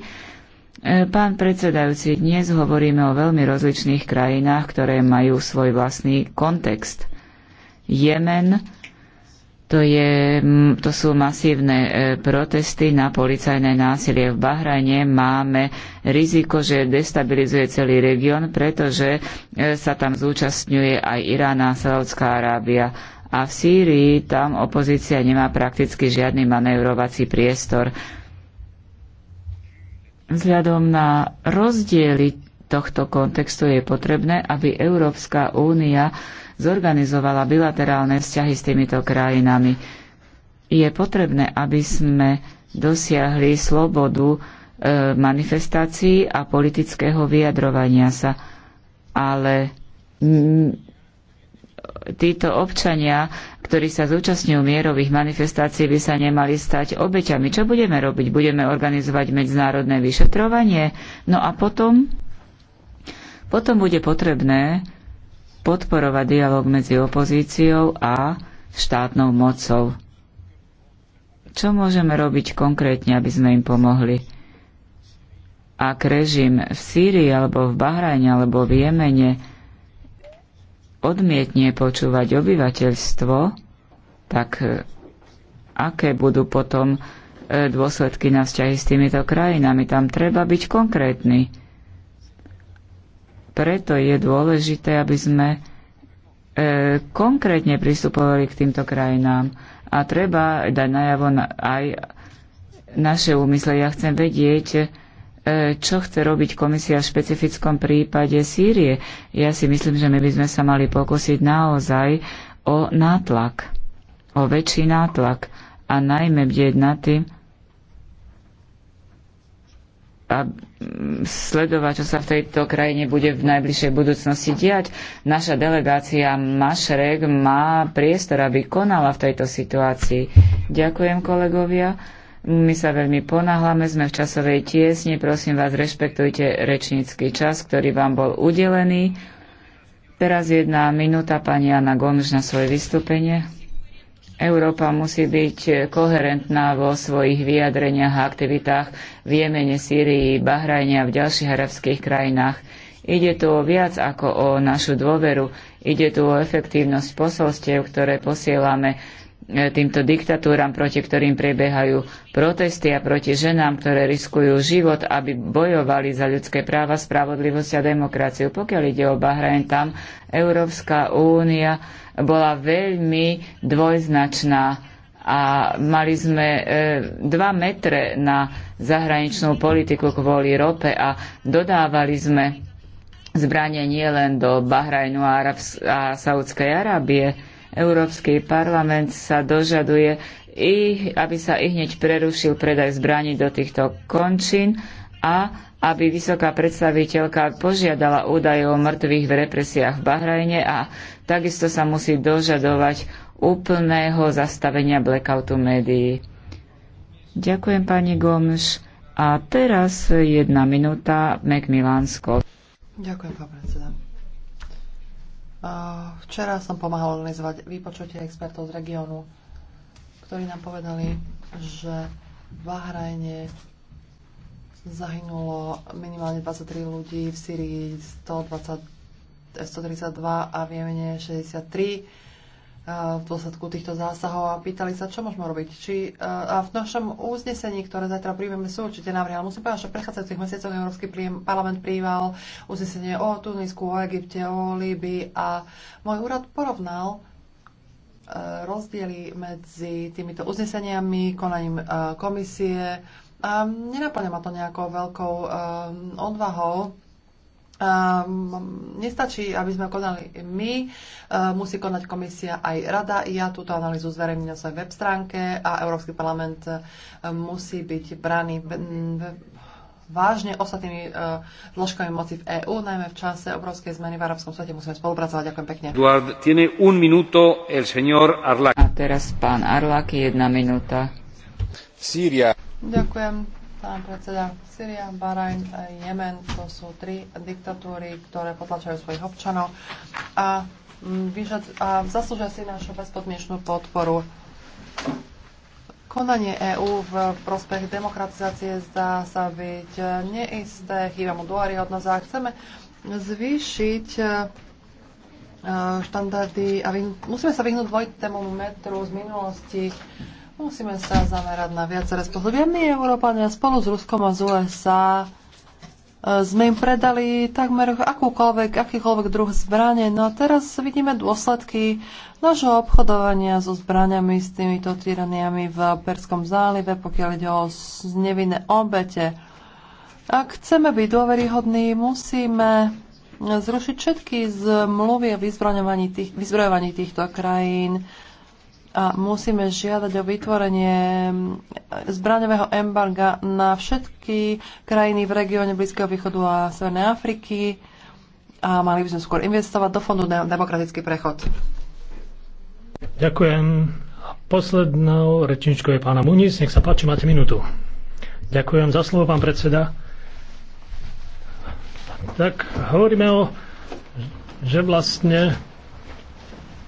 E, pán predsedajúci, dnes hovoríme o veľmi rozličných krajinách, ktoré majú svoj vlastný kontext. Jemen, to, je, to sú masívne e, protesty na policajné násilie v Bahrajne. Máme riziko, že destabilizuje celý región, pretože e, sa tam zúčastňuje aj Irán a Saudská Arábia a v Sýrii tam opozícia nemá prakticky žiadny manévrovací priestor. Vzhľadom na rozdiely tohto kontextu je potrebné, aby Európska únia zorganizovala bilaterálne vzťahy s týmito krajinami. Je potrebné, aby sme dosiahli slobodu e, manifestácií a politického vyjadrovania sa, ale títo občania, ktorí sa zúčastňujú mierových manifestácií, by sa nemali stať obeťami. Čo budeme robiť? Budeme organizovať medzinárodné vyšetrovanie? No a potom? Potom bude potrebné podporovať dialog medzi opozíciou a štátnou mocou. Čo môžeme robiť konkrétne, aby sme im pomohli? Ak režim v Sýrii alebo v Bahrajne alebo v Jemene odmietne počúvať obyvateľstvo, tak e, aké budú potom e, dôsledky na vzťahy s týmito krajinami? Tam treba byť konkrétny. Preto je dôležité, aby sme e, konkrétne pristupovali k týmto krajinám a treba dať najavo aj naše úmysle. Ja chcem vedieť, E, čo chce robiť komisia v špecifickom prípade Sýrie. Ja si myslím, že my by sme sa mali pokúsiť naozaj o nátlak, o väčší nátlak a najmä bdieť na tým, a sledovať, čo sa v tejto krajine bude v najbližšej budúcnosti diať. Naša delegácia Mašrek má priestor, aby konala v tejto situácii. Ďakujem kolegovia. My sa veľmi ponáhlame, sme v časovej tiesni, prosím vás, rešpektujte rečnícky čas, ktorý vám bol udelený. Teraz jedna minúta pani Jana Gomž na svoje vystúpenie. Európa musí byť koherentná vo svojich vyjadreniach a aktivitách v Jemene, Sýrii, Bahrajne a v ďalších arabských krajinách. Ide tu o viac ako o našu dôveru, ide tu o efektívnosť posolstiev, ktoré posielame E, týmto diktatúram, proti ktorým prebiehajú protesty a proti ženám, ktoré riskujú život, aby bojovali za ľudské práva, spravodlivosť a demokraciu. Pokiaľ ide o Bahrajn, tam Európska únia bola veľmi dvojznačná a mali sme e, dva metre na zahraničnú politiku kvôli rope a dodávali sme zbranie nielen do Bahrajnu a, Arabs- a Saudskej Arábie, Európsky parlament sa dožaduje, ich, aby sa ich hneď prerušil predaj zbraní do týchto končín a aby vysoká predstaviteľka požiadala údaje o mŕtvych v represiách v Bahrajne a takisto sa musí dožadovať úplného zastavenia blackoutu médií. Ďakujem pani Gomš. A teraz jedna minúta Macmillan Scott. Ďakujem, pán predseda. Včera som pomáhal organizovať výpočutie expertov z regiónu, ktorí nám povedali, že v Bahrajne zahynulo minimálne 23 ľudí, v Syrii 120, 132 a v Jemene 63 v dôsledku týchto zásahov a pýtali sa, čo môžeme robiť. Či, e, a v našom uznesení, ktoré zajtra príjmeme, sú určite návrhy, ale musím povedať, že v prechádzajúcich mesiacoch Európsky parlament príjmal uznesenie o Tunisku, o Egypte, o Líbii a môj úrad porovnal e, rozdiely medzi týmito uzneseniami, konaním e, komisie a nenaplňa ma to nejakou veľkou odvahou Um, nestačí, aby sme konali my, uh, musí konať komisia aj rada. Ja túto analýzu zverejním na svojej web stránke a Európsky parlament uh, musí byť braný vážne ostatnými uh, zložkami moci v EÚ, najmä v čase obrovskej zmeny v arabskom svete. Musíme spolupracovať. Ďakujem pekne. Eduard, tiene un minuto el señor Arlak. A teraz pán Arlak, jedna minúta. Síria. Ďakujem Pán predseda, Syria, Bahrajn, Jemen, to sú tri diktatúry, ktoré potlačajú svojich občanov a, mm, vyžad, a zaslúžia si našu bezpodmienečnú podporu. Konanie EÚ v prospech demokratizácie zdá sa byť neisté, chýba mu dôveryhodnosť a chceme zvýšiť e, štandardy a vy musíme sa vyhnúť dvojitému metru z minulosti Musíme sa zamerať na viaceré spôsoby. My, Európania, spolu s Ruskom a z USA e, sme im predali takmer akúkoľvek, akýkoľvek druh zbranie. No a teraz vidíme dôsledky nášho obchodovania so zbraniami s týmito tyraniami v Perskom zálive, pokiaľ ide o nevinné obete. Ak chceme byť dôveryhodní, musíme zrušiť všetky zmluvy o vyzbrojovaní, tých, vyzbrojovaní týchto krajín a musíme žiadať o vytvorenie mm, zbraňového embarga na všetky krajiny v regióne Blízkeho východu a Severnej Afriky a mali by sme skôr investovať do Fondu na demokratický prechod. Ďakujem. Poslednou rečničkou je pána Muniz. Nech sa páči, máte minútu. Ďakujem za slovo, pán predseda. Tak hovoríme o, že vlastne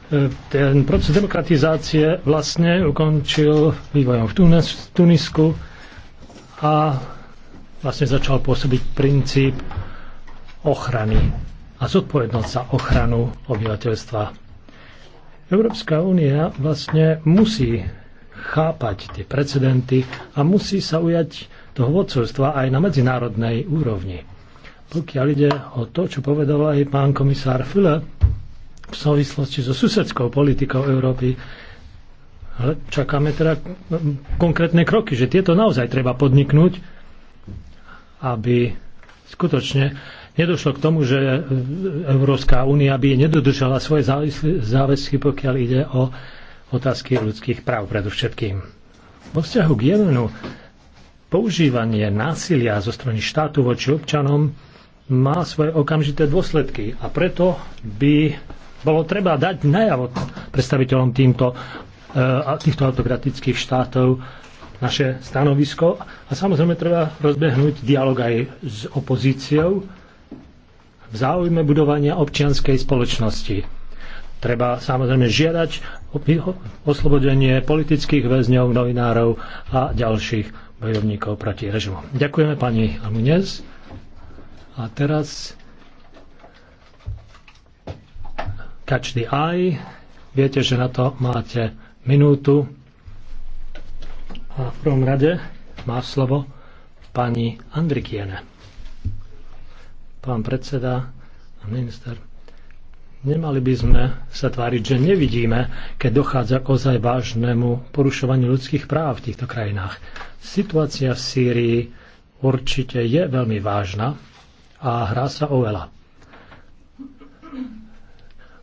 E, ten proces demokratizácie vlastne ukončil vývojom v Tunis, Tunisku a vlastne začal pôsobiť princíp ochrany a zodpovednosť za ochranu obyvateľstva. Európska únia vlastne musí chápať tie precedenty a musí sa ujať toho vodcovstva aj na medzinárodnej úrovni. Pokiaľ ide o to, čo povedal aj pán komisár Fille, v súvislosti so susedskou politikou Európy. Čakáme teda no, konkrétne kroky, že tieto naozaj treba podniknúť, aby skutočne nedošlo k tomu, že Európska únia by nedodržala svoje záväzky, pokiaľ ide o otázky ľudských práv predovšetkým. Vo vzťahu k Jemenu používanie násilia zo strany štátu voči občanom má svoje okamžité dôsledky a preto by bolo treba dať najavo predstaviteľom týmto, eh, týchto autokratických štátov naše stanovisko a samozrejme treba rozbehnúť dialog aj s opozíciou v záujme budovania občianskej spoločnosti. Treba samozrejme žiadať oslobodenie politických väzňov, novinárov a ďalších bojovníkov proti režimu. Ďakujeme pani Almunez. A teraz Catch the Eye. Viete, že na to máte minútu. A v prvom rade má slovo pani Andrikiene. Pán predseda a minister, nemali by sme sa tváriť, že nevidíme, keď dochádza k ozaj vážnemu porušovaniu ľudských práv v týchto krajinách. Situácia v Sýrii určite je veľmi vážna a hrá sa oveľa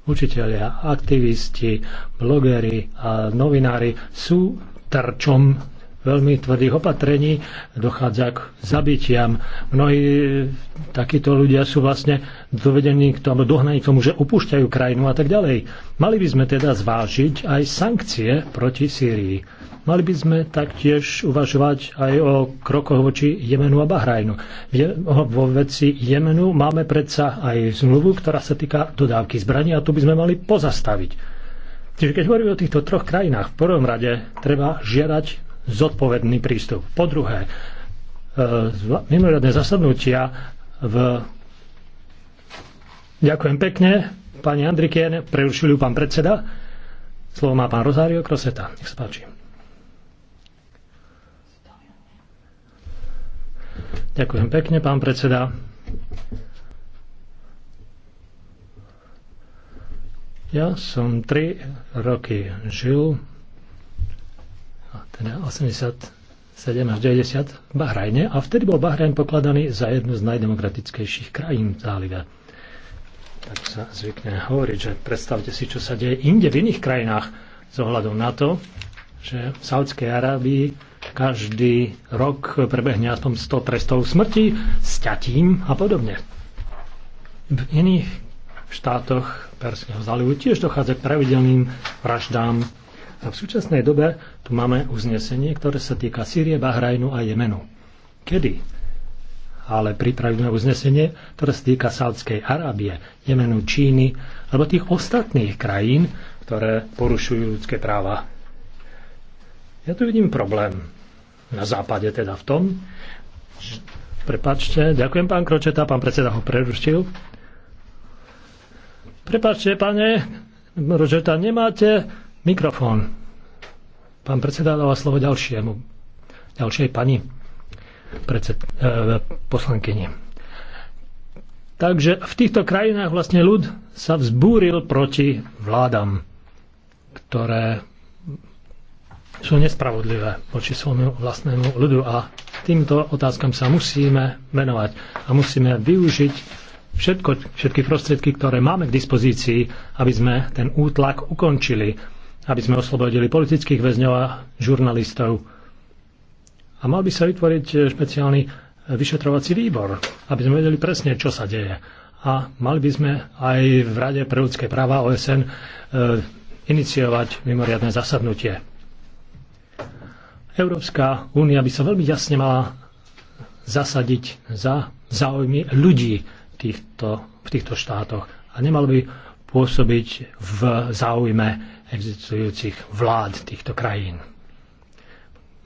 učiteľia, aktivisti, blogeri a novinári sú trčom veľmi tvrdých opatrení, dochádza k zabitiam. Mnohí takíto ľudia sú vlastne dovedení k tomu, dohnaní k tomu, že opúšťajú krajinu a tak ďalej. Mali by sme teda zvážiť aj sankcie proti Sýrii. Mali by sme taktiež uvažovať aj o krokoch voči Jemenu a Bahrajnu. Vo veci Jemenu máme predsa aj zmluvu, ktorá sa týka dodávky zbraní a tu by sme mali pozastaviť. Čiže keď hovoríme o týchto troch krajinách, v prvom rade treba žiadať zodpovedný prístup. Po druhé, e, mimoriadne zasadnutia v... Ďakujem pekne, pani Andrikien, preušil ju pán predseda. Slovo má pán Rozário Kroseta. Nech sa páči. Ďakujem pekne, pán predseda. Ja som 3 roky žil, teda 87 až 90, v Bahrajne a vtedy bol Bahrajn pokladaný za jednu z najdemokratickejších krajín v zálive. Tak sa zvykne hovoriť, že predstavte si, čo sa deje inde v iných krajinách s ohľadom na to, že v Saudskej Arábii každý rok prebehne aspoň 100 trestov smrti, sťatím a podobne. V iných štátoch Perského zálivu tiež dochádza k pravidelným vraždám. A v súčasnej dobe tu máme uznesenie, ktoré sa týka Sýrie, Bahrajnu a Jemenu. Kedy ale pripravíme uznesenie, ktoré sa týka Sádskej Arábie, Jemenu, Číny alebo tých ostatných krajín, ktoré porušujú ľudské práva. Ja tu vidím problém na západe teda v tom. Prepačte, ďakujem pán Kročeta, pán predseda ho prerušil. Prepačte, pane Kročeta, nemáte mikrofón. Pán predseda dáva slovo ďalšiemu, ďalšej pani predsed, e, poslankyni. Takže v týchto krajinách vlastne ľud sa vzbúril proti vládam, ktoré sú nespravodlivé voči svojmu vlastnému ľudu a týmto otázkam sa musíme venovať a musíme využiť všetko, všetky prostriedky, ktoré máme k dispozícii, aby sme ten útlak ukončili, aby sme oslobodili politických väzňov a žurnalistov. A mal by sa vytvoriť eh, špeciálny eh, vyšetrovací výbor, aby sme vedeli presne, čo sa deje. A mali by sme aj v Rade pre ľudské práva OSN e, eh, iniciovať mimoriadne zasadnutie. Európska únia by sa veľmi jasne mala zasadiť za záujmy ľudí týchto, v týchto štátoch a nemalo by pôsobiť v záujme existujúcich vlád týchto krajín.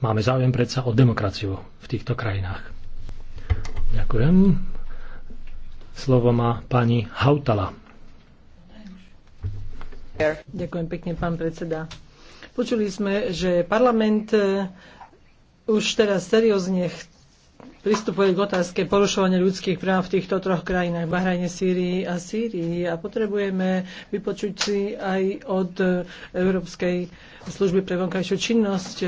Máme záujem predsa o demokraciu v týchto krajinách. Ďakujem. Slovo má pani Hautala. Ďakujem pekne, pán predseda. Počuli sme, že parlament e, už teraz seriózne pristupuje k otázke porušovania ľudských práv v týchto troch krajinách, Bahrajne, Sýrii a Sýrii. A potrebujeme vypočuť si aj od e, Európskej služby pre vonkajšiu činnosť e,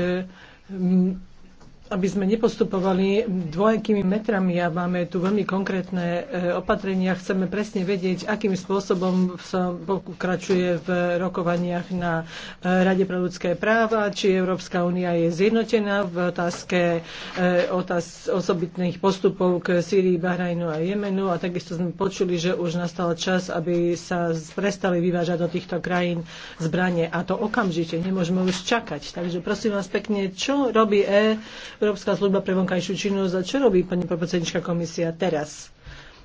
aby sme nepostupovali dvojakými metrami a máme tu veľmi konkrétne e, opatrenia. Chceme presne vedieť, akým spôsobom sa pokračuje v rokovaniach na e, Rade pre ľudské práva, či Európska únia je zjednotená v otázke e, otáz, osobitných postupov k Sýrii, Bahrajnu a Jemenu. A takisto sme počuli, že už nastal čas, aby sa prestali vyvážať do týchto krajín zbranie. A to okamžite, nemôžeme už čakať. Takže prosím vás pekne, čo robí E Európska služba pre vonkajšiu činnosť. A čo robí pani podpredsednička komisia teraz?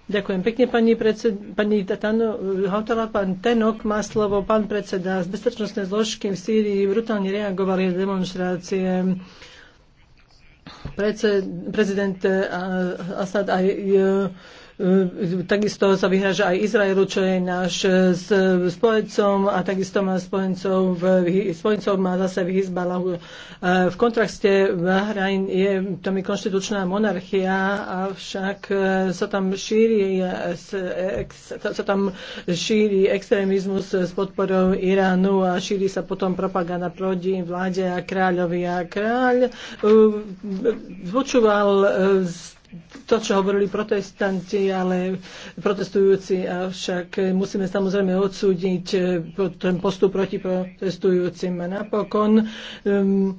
Ďakujem pekne, pani, predsed, pani Tatano, Hautala, pán Tenok má slovo, pán predseda. z bezpečnostnej zložky v Sýrii brutálne reagovali na demonstrácie. Prece, prezident eh, Assad aj eh, Ehm, takisto sa vyhraža aj Izraelu, čo je náš e, spojencom a takisto má spojencov, v, spojencov má zase v Hizbalahu. E, v kontrakte Bahrajn je, tam je konštitučná monarchia, avšak e, sa tam šíri, sa tam šíri extrémizmus s podporou Iránu a šíri sa potom propaganda proti vláde a kráľovi. A kráľ počúval z to, čo hovorili protestanti, ale protestujúci, avšak musíme samozrejme odsúdiť eh, ten postup proti protestujúcim. A napokon um,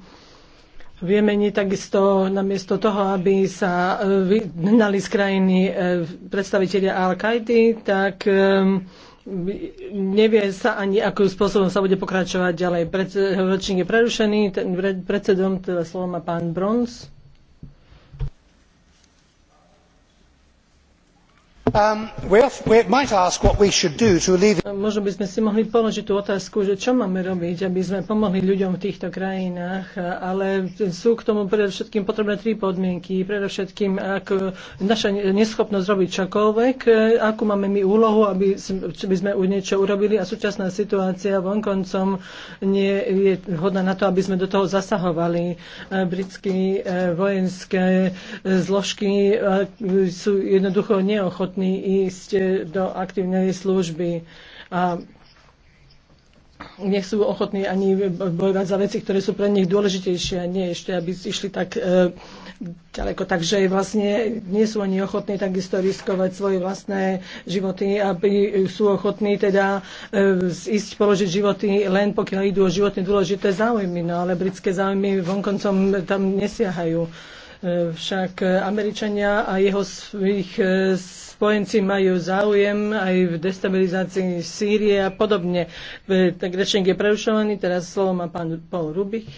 vieme nie takisto namiesto toho, aby sa eh, vyhnali z krajiny eh, predstavitelia Al-Kaidy, tak um, nevie sa ani, akým spôsobom sa bude pokračovať ďalej. Pred, ročník je prerušený, ten, predsedom teda slovo má pán Brons. Um, Možno by sme si mohli položiť tú otázku, že čo máme robiť, aby sme pomohli ľuďom v týchto krajinách, ale sú k tomu predovšetkým potrebné tri podmienky. Predovšetkým ak naša neschopnosť robiť čokoľvek, akú máme my úlohu, aby, sme u niečo urobili a súčasná situácia vonkoncom nie je hodná na to, aby sme do toho zasahovali. Britské eh, vojenské eh, zložky eh, sú jednoducho neochotné ochotní ísť e, do aktívnej služby. A nie sú ochotní ani bojovať za veci, ktoré sú pre nich dôležitejšie a nie ešte, aby išli tak e, ďaleko. Takže vlastne nie sú ani ochotní takisto riskovať svoje vlastné životy, aby sú ochotní teda e, ísť položiť životy len pokiaľ idú o životne dôležité záujmy. No ale britské záujmy vonkoncom tam nesiahajú. Však Američania a jeho svojich e, spojenci majú záujem aj v destabilizácii Sýrie a podobne. E, tak rečník je prerušovaný, teraz slovo má pán Paul Rubich.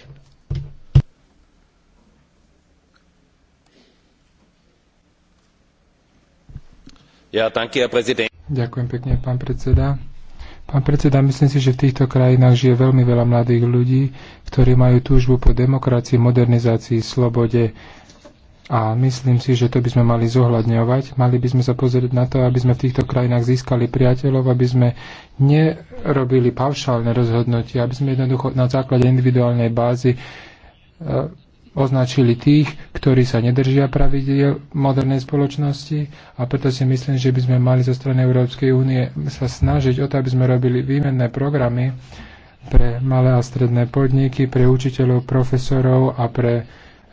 Ja, tanky Herr Ďakujem pekne, pán predseda. Pán predseda, myslím si, že v týchto krajinách žije veľmi veľa mladých ľudí, ktorí majú túžbu po demokracii, modernizácii, slobode a myslím si, že to by sme mali zohľadňovať. Mali by sme sa pozrieť na to, aby sme v týchto krajinách získali priateľov, aby sme nerobili paušálne rozhodnutie, aby sme jednoducho na základe individuálnej bázy e, označili tých, ktorí sa nedržia pravidiel modernej spoločnosti a preto si myslím, že by sme mali zo strany Európskej únie sa snažiť o to, aby sme robili výmenné programy pre malé a stredné podniky, pre učiteľov, profesorov a pre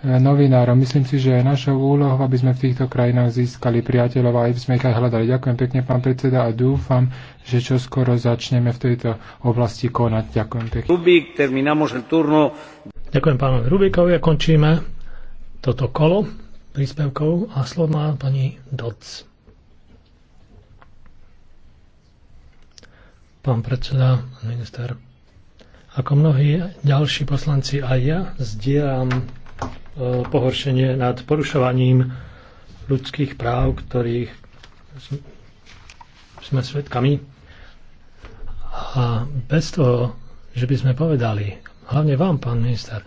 novinárom. Myslím si, že je našou úlohou, aby sme v týchto krajinách získali priateľov a aby sme ich aj hľadali. Ďakujem pekne, pán predseda, a dúfam, že čo skoro začneme v tejto oblasti konať. Ďakujem pekne. Rubik, terminamos el turno. Ďakujem pánovi Rubikovi a končíme toto kolo príspevkov a slovo má pani Doc. Pán predseda, minister, ako mnohí ďalší poslanci aj ja, zdieľam E, pohoršenie nad porušovaním ľudských práv, ktorých sme svedkami. A bez toho, že by sme povedali, hlavne vám, pán minister,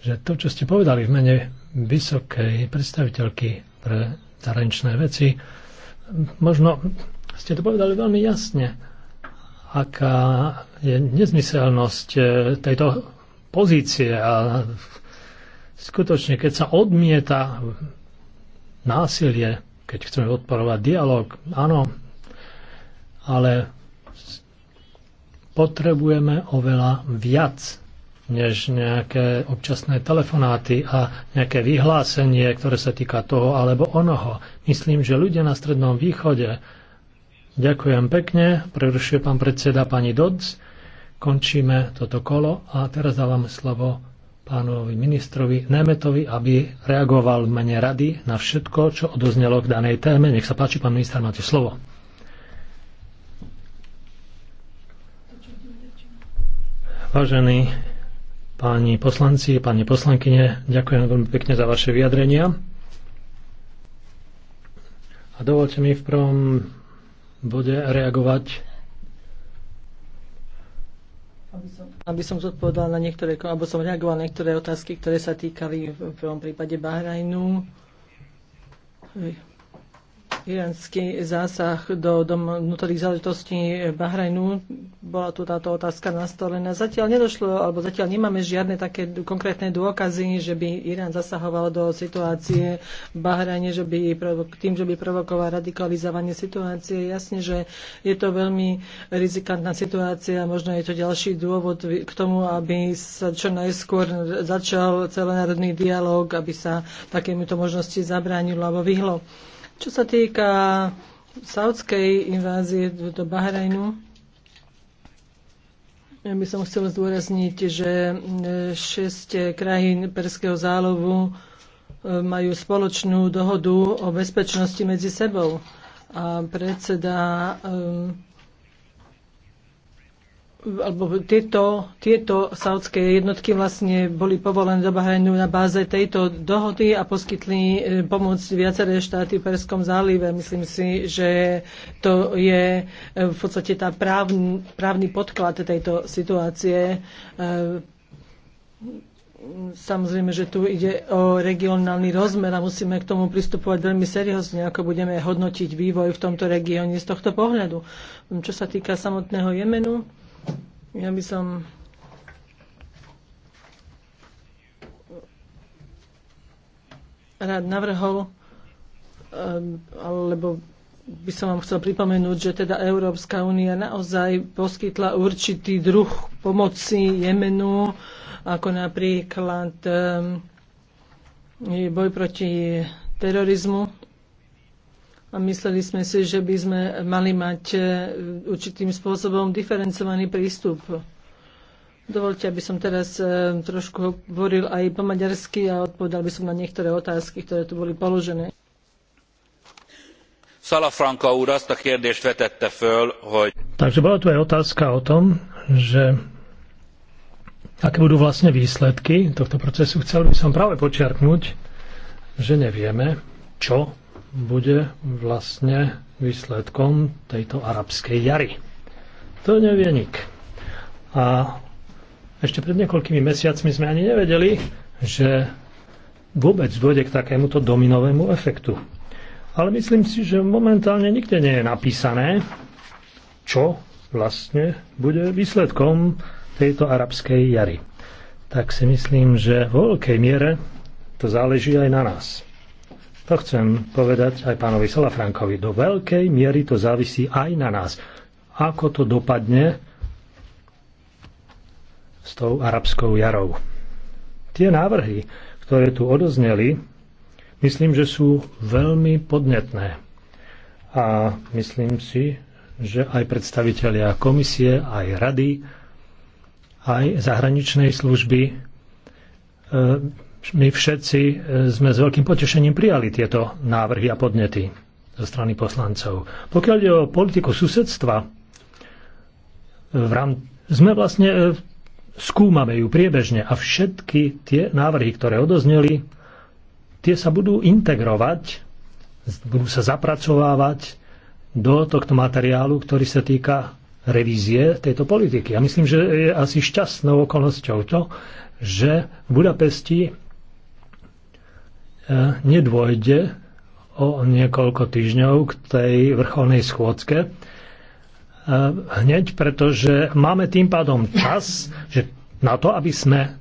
že to, čo ste povedali v mene vysokej predstaviteľky pre zahraničné veci, možno ste to povedali veľmi jasne, aká je nezmyselnosť e, tejto pozície a Skutočne, keď sa odmieta násilie, keď chceme podporovať dialog, áno, ale potrebujeme oveľa viac než nejaké občasné telefonáty a nejaké vyhlásenie, ktoré sa týka toho alebo onoho. Myslím, že ľudia na Strednom východe, ďakujem pekne, prerušuje pán predseda pani Dodds, končíme toto kolo a teraz dávam slovo pánovi ministrovi Nemetovi, aby reagoval v mene rady na všetko, čo odoznelo k danej téme. Nech sa páči, pán minister, máte slovo. Vážení páni poslanci, páni poslankyne, ďakujem veľmi pekne za vaše vyjadrenia. A dovolte mi v prvom bode reagovať aby som zodpovedala na niektoré, alebo som reagovala na niektoré otázky, ktoré sa týkali v prvom prípade Bahrajnu iránsky zásah do, do vnútorných záležitostí Bahrajnu. Bola tu táto otázka nastolená. Zatiaľ nedošlo, alebo zatiaľ nemáme žiadne také konkrétne dôkazy, že by Irán zasahoval do situácie v Bahrajne, že by, tým, že by provokoval radikalizovanie situácie. Jasne, že je to veľmi rizikantná situácia. Možno je to ďalší dôvod k tomu, aby sa čo najskôr začal celonárodný dialog, aby sa takémuto možnosti zabránilo alebo vyhlo. Čo sa týka saudskej invázie do Bahrajnu, ja by som chcela zdôrazniť, že e, šesť krajín Perského zálovu e, majú spoločnú dohodu o bezpečnosti medzi sebou. A predseda um, alebo tieto, tieto saudské jednotky vlastne boli povolené do Bahrajnu na báze tejto dohody a poskytli e, pomoc viaceré štáty v Perskom zálive. Myslím si, že to je e, v podstate tá právny, právny podklad tejto situácie. E, samozrejme, že tu ide o regionálny rozmer a musíme k tomu pristupovať veľmi seriózne, ako budeme hodnotiť vývoj v tomto regióne z tohto pohľadu. Čo sa týka samotného Jemenu, ja by som rád navrhol, e, alebo by som vám chcel pripomenúť, že teda Európska únia naozaj poskytla určitý druh pomoci Jemenu, ako napríklad e, boj proti terorizmu a mysleli sme si, že by sme mali mať e, určitým spôsobom diferencovaný prístup. Dovolte, aby som teraz e, trošku hovoril aj po maďarsky a odpovedal by som na niektoré otázky, ktoré tu boli položené. Salafranka úr azt a kérdést vetette föl, hogy... Takže bola tu aj otázka o tom, že aké budú vlastne výsledky tohto procesu. Chcel by som práve počiarknúť, že nevieme, čo bude vlastne výsledkom tejto arabskej jary. To nevie nik. A ešte pred niekoľkými mesiacmi sme ani nevedeli, že vôbec dôjde k takémuto dominovému efektu. Ale myslím si, že momentálne nikde nie je napísané, čo vlastne bude výsledkom tejto arabskej jary. Tak si myslím, že v veľkej miere to záleží aj na nás. To chcem povedať aj pánovi Salafrankovi. Do veľkej miery to závisí aj na nás. Ako to dopadne s tou arabskou jarou. Tie návrhy, ktoré tu odozneli, myslím, že sú veľmi podnetné. A myslím si, že aj predstavitelia komisie, aj rady, aj zahraničnej služby e, my všetci e, sme s veľkým potešením prijali tieto návrhy a podnety zo strany poslancov. Pokiaľ ide o politiku susedstva, sme vlastne e, skúmame ju priebežne a všetky tie návrhy, ktoré odozneli, tie sa budú integrovať, budú sa zapracovávať do tohto materiálu, ktorý sa týka revízie tejto politiky. A myslím, že je asi šťastnou okolnosťou to, že v Budapesti E, nedôjde o niekoľko týždňov k tej vrcholnej schôdzke. E, hneď, pretože máme tým pádom čas že na to, aby sme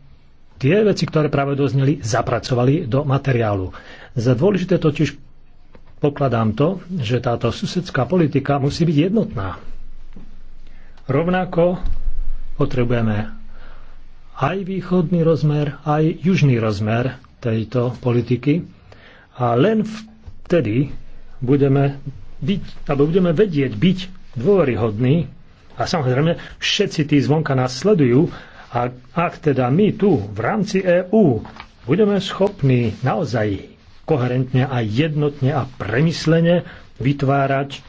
tie veci, ktoré práve dozneli, zapracovali do materiálu. Za dôležité totiž pokladám to, že táto susedská politika musí byť jednotná. Rovnako potrebujeme aj východný rozmer, aj južný rozmer tejto politiky a len vtedy budeme byť, alebo budeme vedieť byť dôveryhodní a samozrejme všetci tí zvonka nás sledujú a ak teda my tu v rámci EÚ budeme schopní naozaj koherentne a jednotne a premyslene vytvárať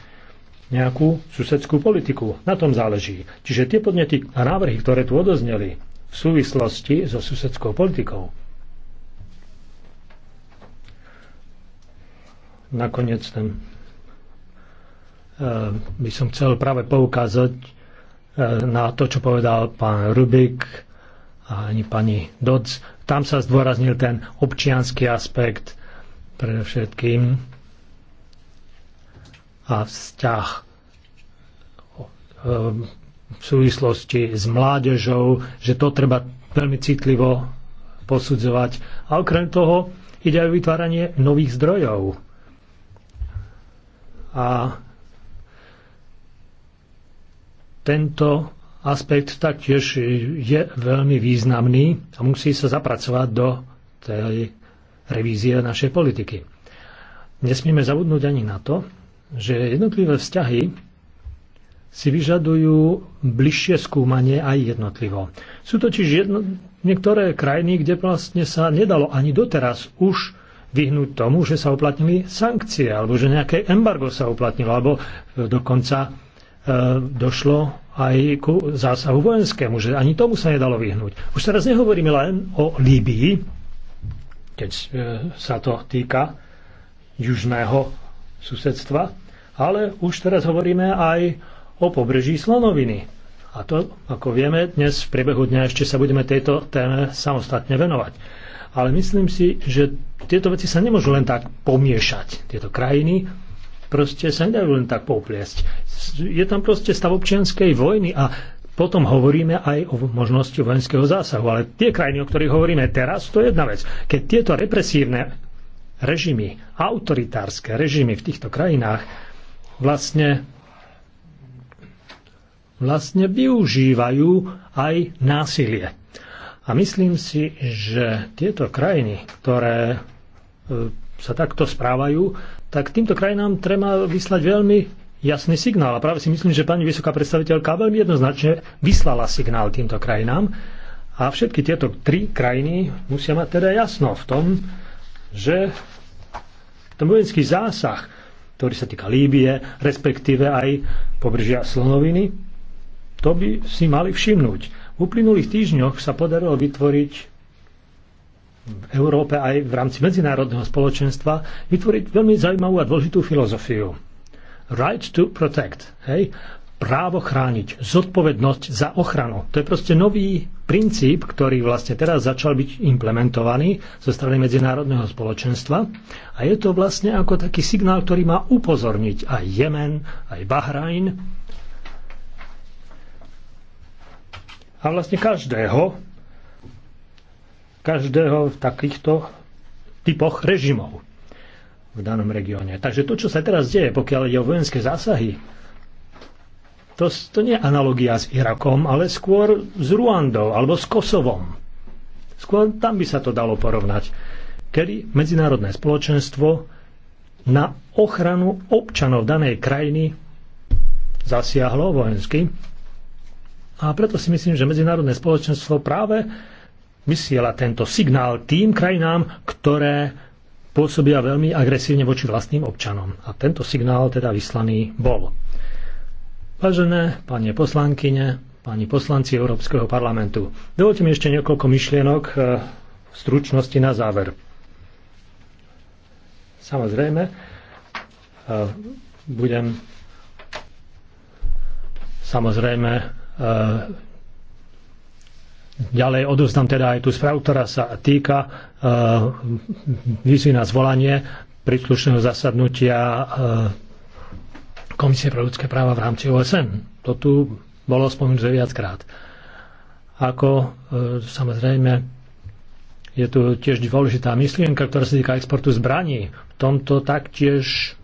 nejakú susedskú politiku. Na tom záleží. Čiže tie podnety a návrhy, ktoré tu odozneli v súvislosti so susedskou politikou, nakoniec ten, eh, by som chcel práve poukázať eh, na to, čo povedal pán Rubik a ani pani Doc. Tam sa zdôraznil ten občianský aspekt predovšetkým a vzťah eh, v súvislosti s mládežou, že to treba veľmi citlivo posudzovať. A okrem toho ide aj vytváranie nových zdrojov a tento aspekt taktiež je veľmi významný a musí sa zapracovať do tej revízie našej politiky. Nesmíme zabudnúť ani na to, že jednotlivé vzťahy si vyžadujú bližšie skúmanie aj jednotlivo. Sú totiž jedno, niektoré krajiny, kde vlastne sa nedalo ani doteraz už vyhnúť tomu, že sa uplatnili sankcie, alebo že nejaké embargo sa uplatnilo, alebo e, dokonca e, došlo aj ku zásahu vojenskému, že ani tomu sa nedalo vyhnúť. Už teraz nehovoríme len o Líbii, keď e, sa to týka južného susedstva, ale už teraz hovoríme aj o pobreží Slonoviny. A to, ako vieme, dnes v priebehu dňa ešte sa budeme tejto téme samostatne venovať ale myslím si, že tieto veci sa nemôžu len tak pomiešať. Tieto krajiny proste sa nedajú len tak poupliesť. Je tam proste stav občianskej vojny a potom hovoríme aj o možnosti vojenského zásahu. Ale tie krajiny, o ktorých hovoríme teraz, to je jedna vec. Keď tieto represívne režimy, autoritárske režimy v týchto krajinách vlastne vlastne využívajú aj násilie. A myslím si, že tieto krajiny, ktoré e, sa takto správajú, tak týmto krajinám treba vyslať veľmi jasný signál. A práve si myslím, že pani vysoká predstaviteľka veľmi jednoznačne vyslala signál týmto krajinám. A všetky tieto tri krajiny musia mať teda jasno v tom, že ten vojenský zásah, ktorý sa týka Líbie, respektíve aj pobržia Slonoviny, to by si mali všimnúť. V uplynulých týždňoch sa podarilo vytvoriť v Európe aj v rámci medzinárodného spoločenstva vytvoriť veľmi zaujímavú a dôležitú filozofiu. Right to protect. Hej? Právo chrániť, zodpovednosť za ochranu. To je proste nový princíp, ktorý vlastne teraz začal byť implementovaný zo strany medzinárodného spoločenstva a je to vlastne ako taký signál, ktorý má upozorniť aj Jemen, aj Bahrajn, a vlastne každého, každého v takýchto typoch režimov v danom regióne. Takže to, čo sa teraz deje, pokiaľ ide o vojenské zásahy, to, to nie je analogia s Irakom, ale skôr s Ruandou alebo s Kosovom. Skôr tam by sa to dalo porovnať. Kedy medzinárodné spoločenstvo na ochranu občanov danej krajiny zasiahlo vojensky a preto si myslím, že medzinárodné spoločenstvo práve vysiela tento signál tým krajinám, ktoré pôsobia veľmi agresívne voči vlastným občanom. A tento signál teda vyslaný bol. Vážené pani poslankyne, pani poslanci Európskeho parlamentu, dovolte mi ešte niekoľko myšlienok eh, v stručnosti na záver. Samozrejme, eh, budem samozrejme Eh, ďalej odovzdám teda aj tú správu, ktorá sa týka eh, výzvy na zvolanie príslušného zasadnutia eh, Komisie pre ľudské práva v rámci OSN. To tu bolo spomenuté viackrát. Ako samozrejme je tu tiež dôležitá myšlienka, ktorá sa týka exportu zbraní. V tomto taktiež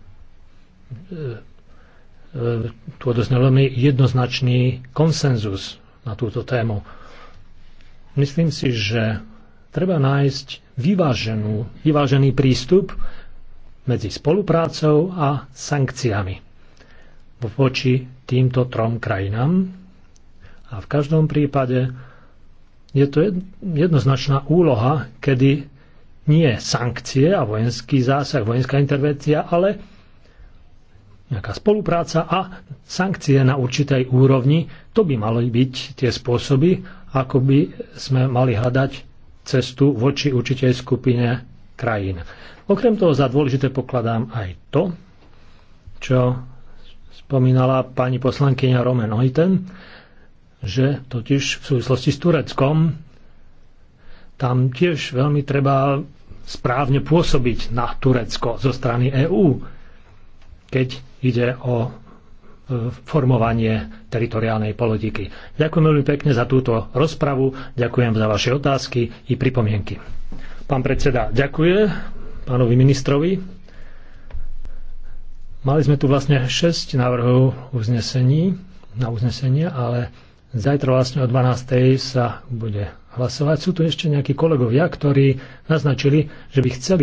E, tu odoznel veľmi jednoznačný konsenzus na túto tému. Myslím si, že treba nájsť vyváženú, vyvážený prístup medzi spoluprácou a sankciami voči týmto trom krajinám. A v každom prípade je to jednoznačná úloha, kedy nie sankcie a vojenský zásah, vojenská intervencia, ale nejaká spolupráca a sankcie na určitej úrovni, to by mali byť tie spôsoby, ako by sme mali hľadať cestu voči určitej skupine krajín. Okrem toho za dôležité pokladám aj to, čo spomínala pani poslankyňa Roman Oiten, že totiž v súvislosti s Tureckom tam tiež veľmi treba správne pôsobiť na Turecko zo strany EÚ. Keď ide o e, formovanie teritoriálnej politiky. Ďakujem veľmi pekne za túto rozpravu, ďakujem za vaše otázky i pripomienky. Pán predseda, ďakuje pánovi ministrovi. Mali sme tu vlastne 6 návrhov uznesení, na uznesenie, ale zajtra vlastne o 12.00 sa bude hlasovať. Sú tu ešte nejakí kolegovia, ktorí naznačili, že by chceli